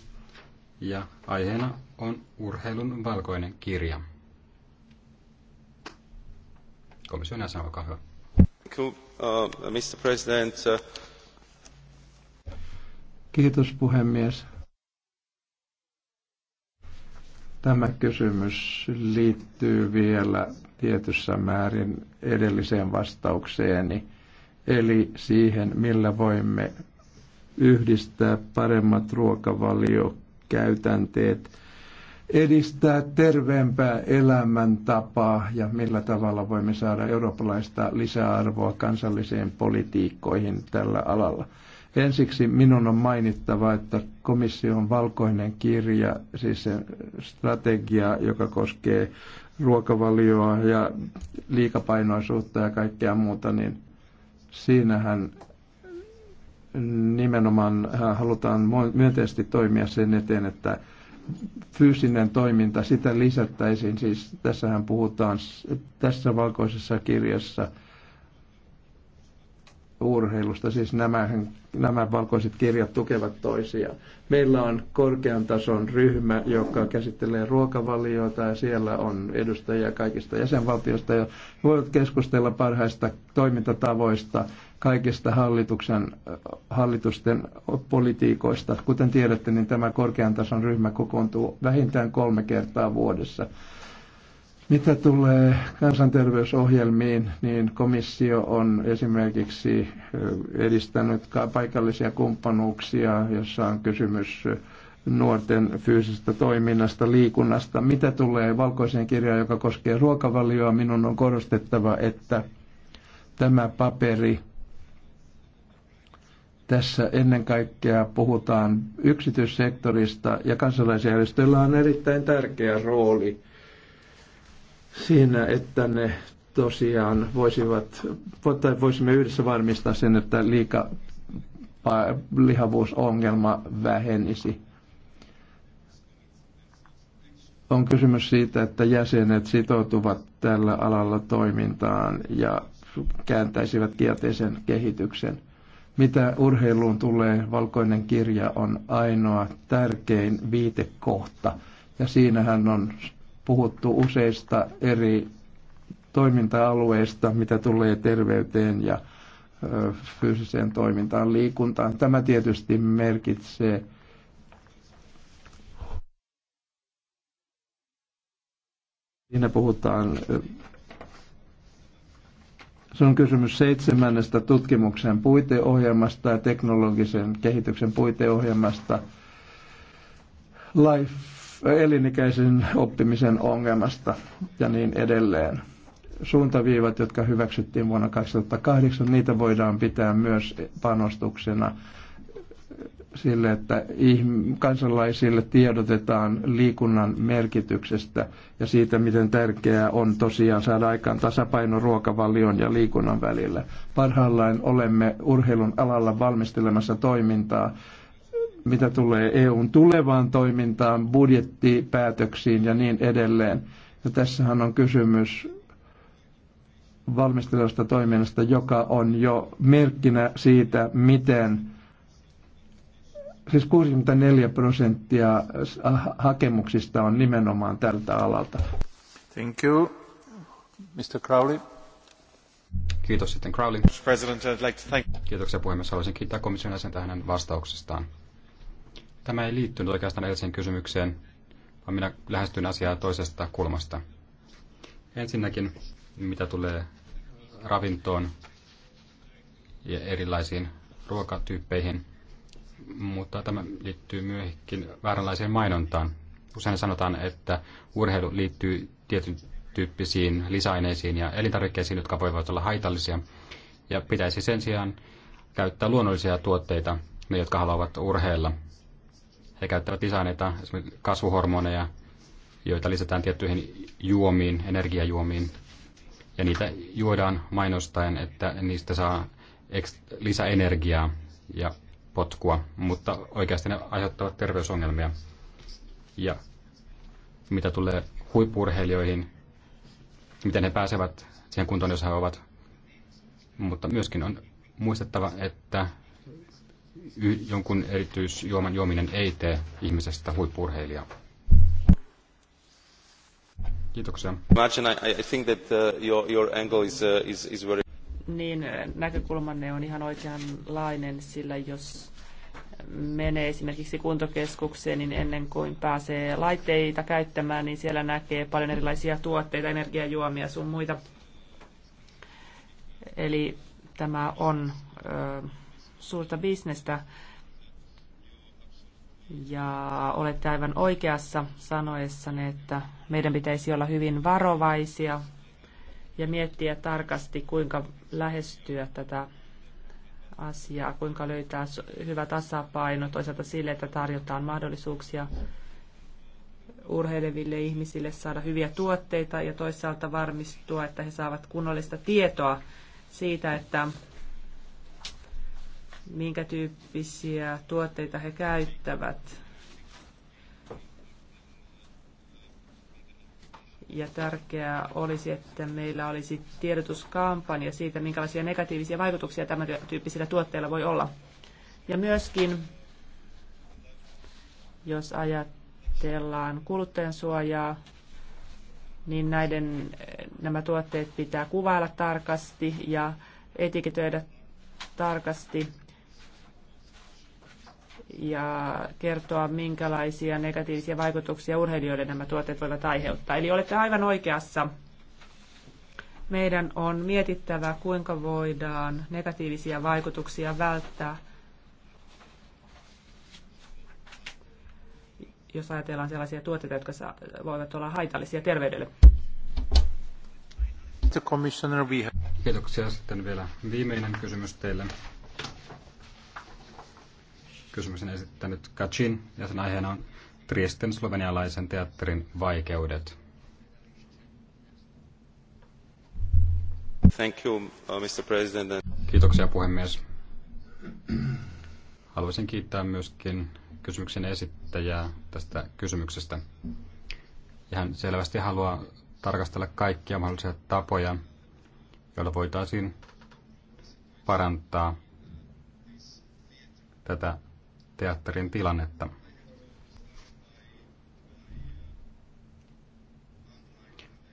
ja aiheena on urheilun valkoinen kirja. Komission jäsen, olkaa hyvä. Uh, Mr. President. Uh, Kiitos puhemies. Tämä kysymys liittyy vielä tietyssä määrin edelliseen vastaukseeni, eli siihen, millä voimme yhdistää paremmat ruokavaliokäytänteet, edistää terveempää elämäntapaa ja millä tavalla voimme saada eurooppalaista lisäarvoa kansalliseen politiikkoihin tällä alalla. Ensiksi minun on mainittava, että komission valkoinen kirja, siis se strategia, joka koskee ruokavalioa ja liikapainoisuutta ja kaikkea muuta, niin siinähän nimenomaan halutaan myönteisesti toimia sen eteen, että fyysinen toiminta, sitä lisättäisiin. Siis tässähän puhutaan tässä valkoisessa kirjassa – urheilusta, siis nämä, nämä valkoiset kirjat tukevat toisiaan. Meillä on korkean tason ryhmä, joka käsittelee ruokavalioita ja siellä on edustajia kaikista jäsenvaltioista ja voivat keskustella parhaista toimintatavoista, kaikista hallituksen, hallitusten politiikoista. Kuten tiedätte, niin tämä korkean tason ryhmä kokoontuu vähintään kolme kertaa vuodessa. Mitä tulee kansanterveysohjelmiin, niin komissio on esimerkiksi edistänyt paikallisia kumppanuuksia, jossa on kysymys nuorten fyysisestä toiminnasta, liikunnasta. Mitä tulee valkoiseen kirjaan, joka koskee ruokavalioa, minun on korostettava, että tämä paperi tässä ennen kaikkea puhutaan yksityissektorista ja kansalaisjärjestöillä on erittäin tärkeä rooli – siinä, että ne tosiaan voisivat, tai voisimme yhdessä varmistaa sen, että liika lihavuusongelma vähenisi. On kysymys siitä, että jäsenet sitoutuvat tällä alalla toimintaan ja kääntäisivät kielteisen kehityksen. Mitä urheiluun tulee, valkoinen kirja on ainoa tärkein viitekohta, ja siinähän on puhuttu useista eri toiminta-alueista, mitä tulee terveyteen ja fyysiseen toimintaan, liikuntaan. Tämä tietysti merkitsee Siinä puhutaan, se on kysymys seitsemännestä tutkimuksen puiteohjelmasta ja teknologisen kehityksen puiteohjelmasta. Life elinikäisen oppimisen ongelmasta ja niin edelleen. Suuntaviivat, jotka hyväksyttiin vuonna 2008, niitä voidaan pitää myös panostuksena sille, että kansalaisille tiedotetaan liikunnan merkityksestä ja siitä, miten tärkeää on tosiaan saada aikaan tasapaino ruokavalion ja liikunnan välillä. Parhaillaan olemme urheilun alalla valmistelemassa toimintaa, mitä tulee EUn tulevaan toimintaan, budjettipäätöksiin ja niin edelleen. Ja tässähän on kysymys valmistelusta toiminnasta, joka on jo merkkinä siitä, miten siis 64 prosenttia hakemuksista on nimenomaan tältä alalta. Thank you. Mr. Crowley. Kiitos sitten Crowley. President, I'd like to thank... Kiitoksia puhemies. Haluaisin kiittää komission jäsentä hänen vastauksestaan. Tämä ei liittynyt oikeastaan edelliseen kysymykseen, vaan minä lähestyn asiaa toisesta kulmasta. Ensinnäkin, mitä tulee ravintoon ja erilaisiin ruokatyyppeihin, mutta tämä liittyy myöskin vääränlaiseen mainontaan. Usein sanotaan, että urheilu liittyy tietyn tyyppisiin lisäaineisiin ja elintarvikkeisiin, jotka voivat olla haitallisia. Ja pitäisi sen sijaan käyttää luonnollisia tuotteita, ne jotka haluavat urheilla – he käyttävät lisäaineita, esimerkiksi kasvuhormoneja, joita lisätään tiettyihin juomiin, energiajuomiin. Ja niitä juodaan mainostaen, että niistä saa lisäenergiaa ja potkua, mutta oikeasti ne aiheuttavat terveysongelmia. Ja mitä tulee huippurheilijoihin, miten he pääsevät siihen kuntoon, jos he ovat. Mutta myöskin on muistettava, että jonkun erityisjuoman juominen ei tee ihmisestä huippurheilijaa. Kiitoksia. I think that uh, your, your angle is, uh, is, is very... Niin, äh, näkökulmanne on ihan oikeanlainen, sillä jos menee esimerkiksi kuntokeskukseen, niin ennen kuin pääsee laitteita käyttämään, niin siellä näkee paljon erilaisia tuotteita, energiajuomia sun muita. Eli tämä on ö, suurta bisnestä. Ja olette aivan oikeassa sanoessanne, että meidän pitäisi olla hyvin varovaisia ja miettiä tarkasti, kuinka lähestyä tätä asiaa, kuinka löytää hyvä tasapaino toisaalta sille, että tarjotaan mahdollisuuksia urheileville ihmisille saada hyviä tuotteita ja toisaalta varmistua, että he saavat kunnollista tietoa siitä, että minkä tyyppisiä tuotteita he käyttävät. Ja tärkeää olisi, että meillä olisi tiedotuskampanja siitä, minkälaisia negatiivisia vaikutuksia tämän tyyppisillä tuotteilla voi olla. Ja myöskin, jos ajatellaan kuluttajansuojaa, niin näiden, nämä tuotteet pitää kuvailla tarkasti ja etiketöidä tarkasti ja kertoa, minkälaisia negatiivisia vaikutuksia urheilijoille nämä tuotteet voivat aiheuttaa. Eli olette aivan oikeassa. Meidän on mietittävä, kuinka voidaan negatiivisia vaikutuksia välttää, jos ajatellaan sellaisia tuotteita, jotka voivat olla haitallisia terveydelle. Kiitoksia. Sitten vielä viimeinen kysymys teille kysymyksen esittänyt Kacin ja sen aiheena on Triesten slovenialaisen teatterin vaikeudet. Thank you, uh, Mr. President. Kiitoksia puhemies. Haluaisin kiittää myöskin kysymyksen esittäjää tästä kysymyksestä. Ja hän selvästi haluaa tarkastella kaikkia mahdollisia tapoja, joilla voitaisiin parantaa tätä teatterin tilannetta.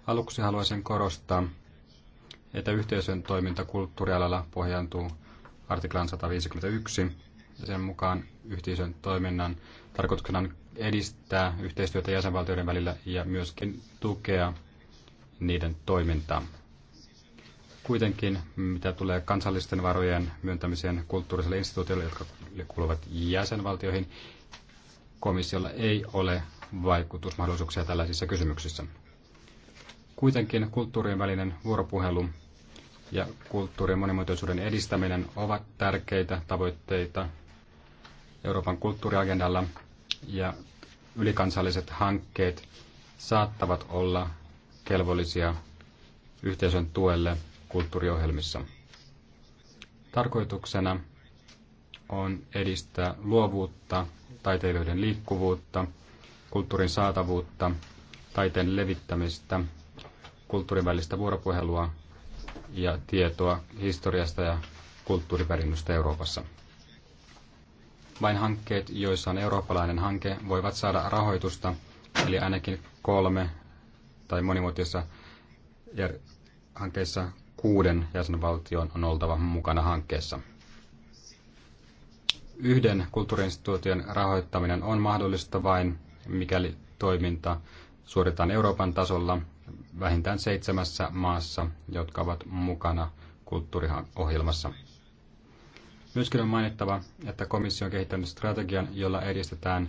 Aluksi haluaisin korostaa, että yhteisön toiminta kulttuurialalla pohjaantuu artiklan 151 ja sen mukaan yhteisön toiminnan tarkoituksena on edistää yhteistyötä jäsenvaltioiden välillä ja myöskin tukea niiden toimintaa. Kuitenkin, mitä tulee kansallisten varojen myöntämiseen kulttuurisille instituutioille, jotka kuuluvat jäsenvaltioihin, komissiolla ei ole vaikutusmahdollisuuksia tällaisissa kysymyksissä. Kuitenkin kulttuurien välinen vuoropuhelu ja kulttuurien monimuotoisuuden edistäminen ovat tärkeitä tavoitteita Euroopan kulttuuriagendalla ja ylikansalliset hankkeet saattavat olla kelvollisia yhteisön tuelle kulttuuriohjelmissa. Tarkoituksena on edistää luovuutta, taiteilijoiden liikkuvuutta, kulttuurin saatavuutta, taiteen levittämistä, kulttuurin välistä vuoropuhelua ja tietoa historiasta ja kulttuuriperinnöstä Euroopassa. Vain hankkeet, joissa on eurooppalainen hanke, voivat saada rahoitusta, eli ainakin kolme tai monimuotoisissa hankkeissa kuuden jäsenvaltion on oltava mukana hankkeessa yhden kulttuuriinstituution rahoittaminen on mahdollista vain, mikäli toiminta suoritetaan Euroopan tasolla vähintään seitsemässä maassa, jotka ovat mukana kulttuuriohjelmassa. Myöskin on mainittava, että komissio on kehittänyt strategian, jolla edistetään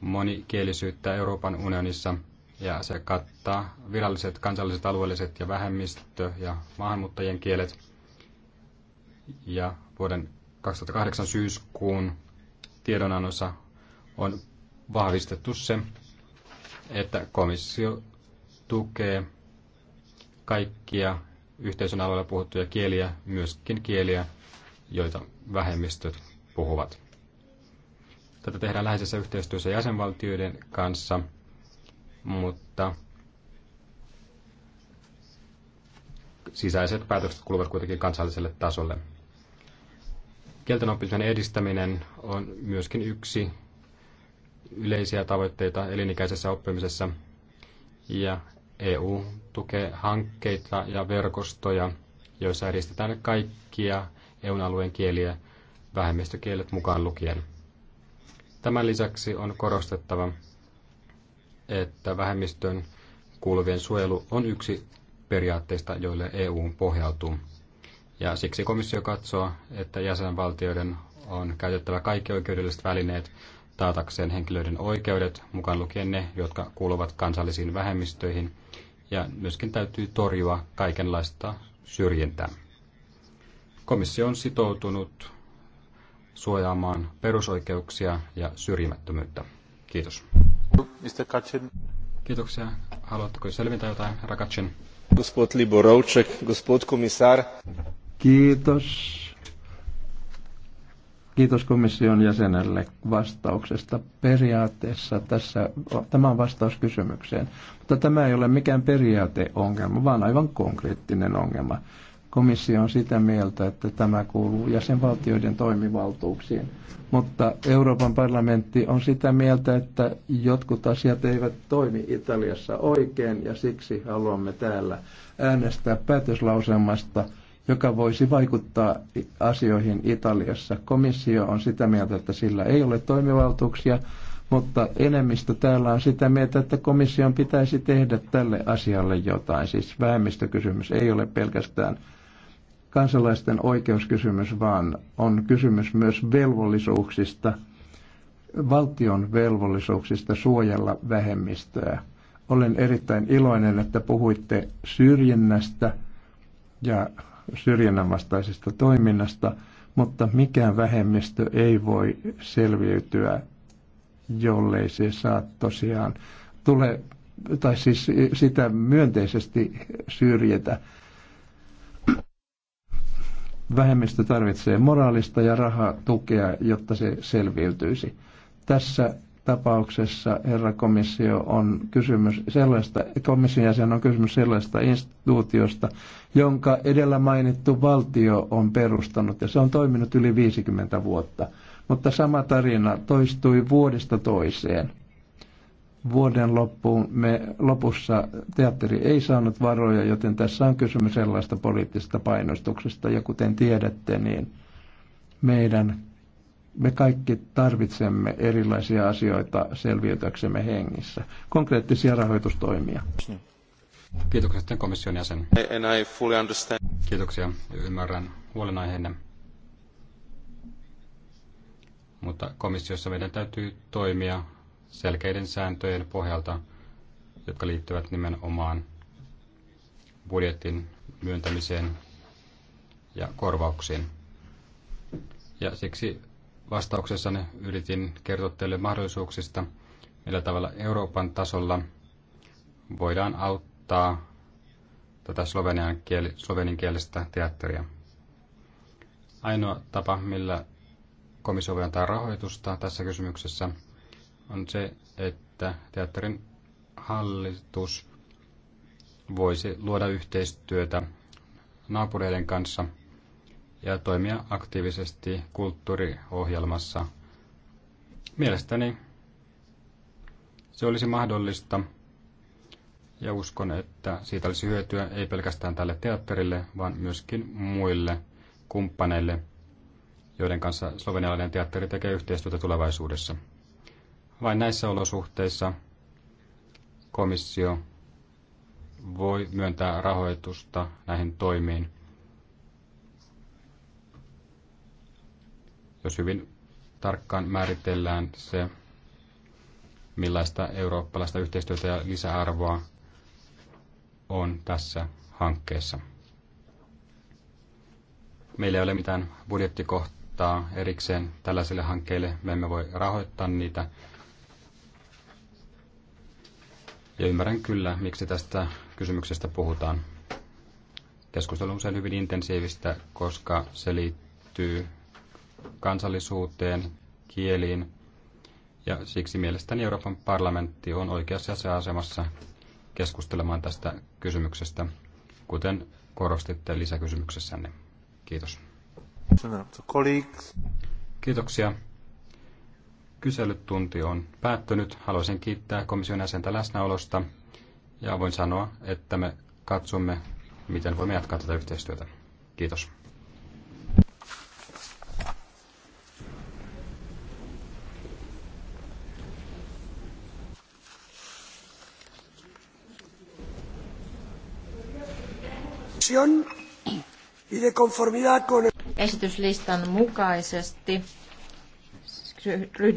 monikielisyyttä Euroopan unionissa ja se kattaa viralliset, kansalliset, alueelliset ja vähemmistö- ja maahanmuuttajien kielet. Ja vuoden 2008 syyskuun tiedonannossa on vahvistettu se, että komissio tukee kaikkia yhteisön alueella puhuttuja kieliä, myöskin kieliä, joita vähemmistöt puhuvat. Tätä tehdään läheisessä yhteistyössä jäsenvaltioiden kanssa, mutta sisäiset päätökset kuluvat kuitenkin kansalliselle tasolle. Kielten oppimisen edistäminen on myöskin yksi yleisiä tavoitteita elinikäisessä oppimisessa. Ja EU tukee hankkeita ja verkostoja, joissa edistetään kaikkia EUn alueen kieliä, vähemmistökielet mukaan lukien. Tämän lisäksi on korostettava, että vähemmistön kuuluvien suojelu on yksi periaatteista, joille EU pohjautuu. Ja siksi komissio katsoo, että jäsenvaltioiden on käytettävä kaikki oikeudelliset välineet taatakseen henkilöiden oikeudet, mukaan lukien ne, jotka kuuluvat kansallisiin vähemmistöihin, ja myöskin täytyy torjua kaikenlaista syrjintää. Komissio on sitoutunut suojaamaan perusoikeuksia ja syrjimättömyyttä. Kiitos. Mr. Kacin. Kiitoksia. Haluatteko selventää jotain, herra Kacin? Gospod Liborovček, gospod komissar. Kiitos. Kiitos komission jäsenelle vastauksesta. Periaatteessa tässä, tämä on vastaus kysymykseen, mutta tämä ei ole mikään periaateongelma, vaan aivan konkreettinen ongelma. Komissio on sitä mieltä, että tämä kuuluu jäsenvaltioiden toimivaltuuksiin, mutta Euroopan parlamentti on sitä mieltä, että jotkut asiat eivät toimi Italiassa oikein ja siksi haluamme täällä äänestää päätöslauselmasta – joka voisi vaikuttaa asioihin Italiassa. Komissio on sitä mieltä, että sillä ei ole toimivaltuuksia, mutta enemmistö täällä on sitä mieltä, että komission pitäisi tehdä tälle asialle jotain. Siis vähemmistökysymys ei ole pelkästään kansalaisten oikeuskysymys, vaan on kysymys myös velvollisuuksista, valtion velvollisuuksista suojella vähemmistöä. Olen erittäin iloinen, että puhuitte syrjinnästä ja syrjinnän vastaisesta toiminnasta, mutta mikään vähemmistö ei voi selviytyä, jollei se saa tosiaan tule, tai siis sitä myönteisesti syrjetä. Vähemmistö tarvitsee moraalista ja rahaa tukea, jotta se selviytyisi. Tässä tapauksessa, herra komissio, on kysymys sellaista, komission jäsen on kysymys sellaista instituutiosta, jonka edellä mainittu valtio on perustanut, ja se on toiminut yli 50 vuotta. Mutta sama tarina toistui vuodesta toiseen. Vuoden loppuun me, lopussa teatteri ei saanut varoja, joten tässä on kysymys sellaista poliittisesta painostuksesta, ja kuten tiedätte, niin meidän me kaikki tarvitsemme erilaisia asioita selviytyäksemme hengissä. Konkreettisia rahoitustoimia. Kiitoksia sitten komission jäsen. And I fully understand. Kiitoksia. Ymmärrän huolenaiheenne. Mutta komissiossa meidän täytyy toimia selkeiden sääntöjen pohjalta, jotka liittyvät nimenomaan budjetin myöntämiseen ja korvauksiin. Ja siksi vastauksessani yritin kertoa teille mahdollisuuksista, millä tavalla Euroopan tasolla voidaan auttaa tätä slovenian kieli, slovenin teatteria. Ainoa tapa, millä komissio voi antaa rahoitusta tässä kysymyksessä, on se, että teatterin hallitus voisi luoda yhteistyötä naapureiden kanssa – ja toimia aktiivisesti kulttuuriohjelmassa. Mielestäni se olisi mahdollista ja uskon, että siitä olisi hyötyä ei pelkästään tälle teatterille, vaan myöskin muille kumppaneille, joiden kanssa slovenialainen teatteri tekee yhteistyötä tulevaisuudessa. Vain näissä olosuhteissa komissio voi myöntää rahoitusta näihin toimiin jos hyvin tarkkaan määritellään se, millaista eurooppalaista yhteistyötä ja lisäarvoa on tässä hankkeessa. Meillä ei ole mitään budjettikohtaa erikseen tällaisille hankkeille. Me emme voi rahoittaa niitä. Ja ymmärrän kyllä, miksi tästä kysymyksestä puhutaan. Keskustelu on usein hyvin intensiivistä, koska se liittyy kansallisuuteen, kieliin. Ja siksi mielestäni Euroopan parlamentti on oikeassa se asemassa keskustelemaan tästä kysymyksestä, kuten korostitte lisäkysymyksessänne. Kiitos. Kiitoksia. Kyselytunti on päättynyt. Haluaisin kiittää komission jäsentä läsnäolosta ja voin sanoa, että me katsomme, miten voimme jatkaa tätä yhteistyötä. Kiitos. komission y de conformidad con... Esityslistan mukaisesti ryhdymme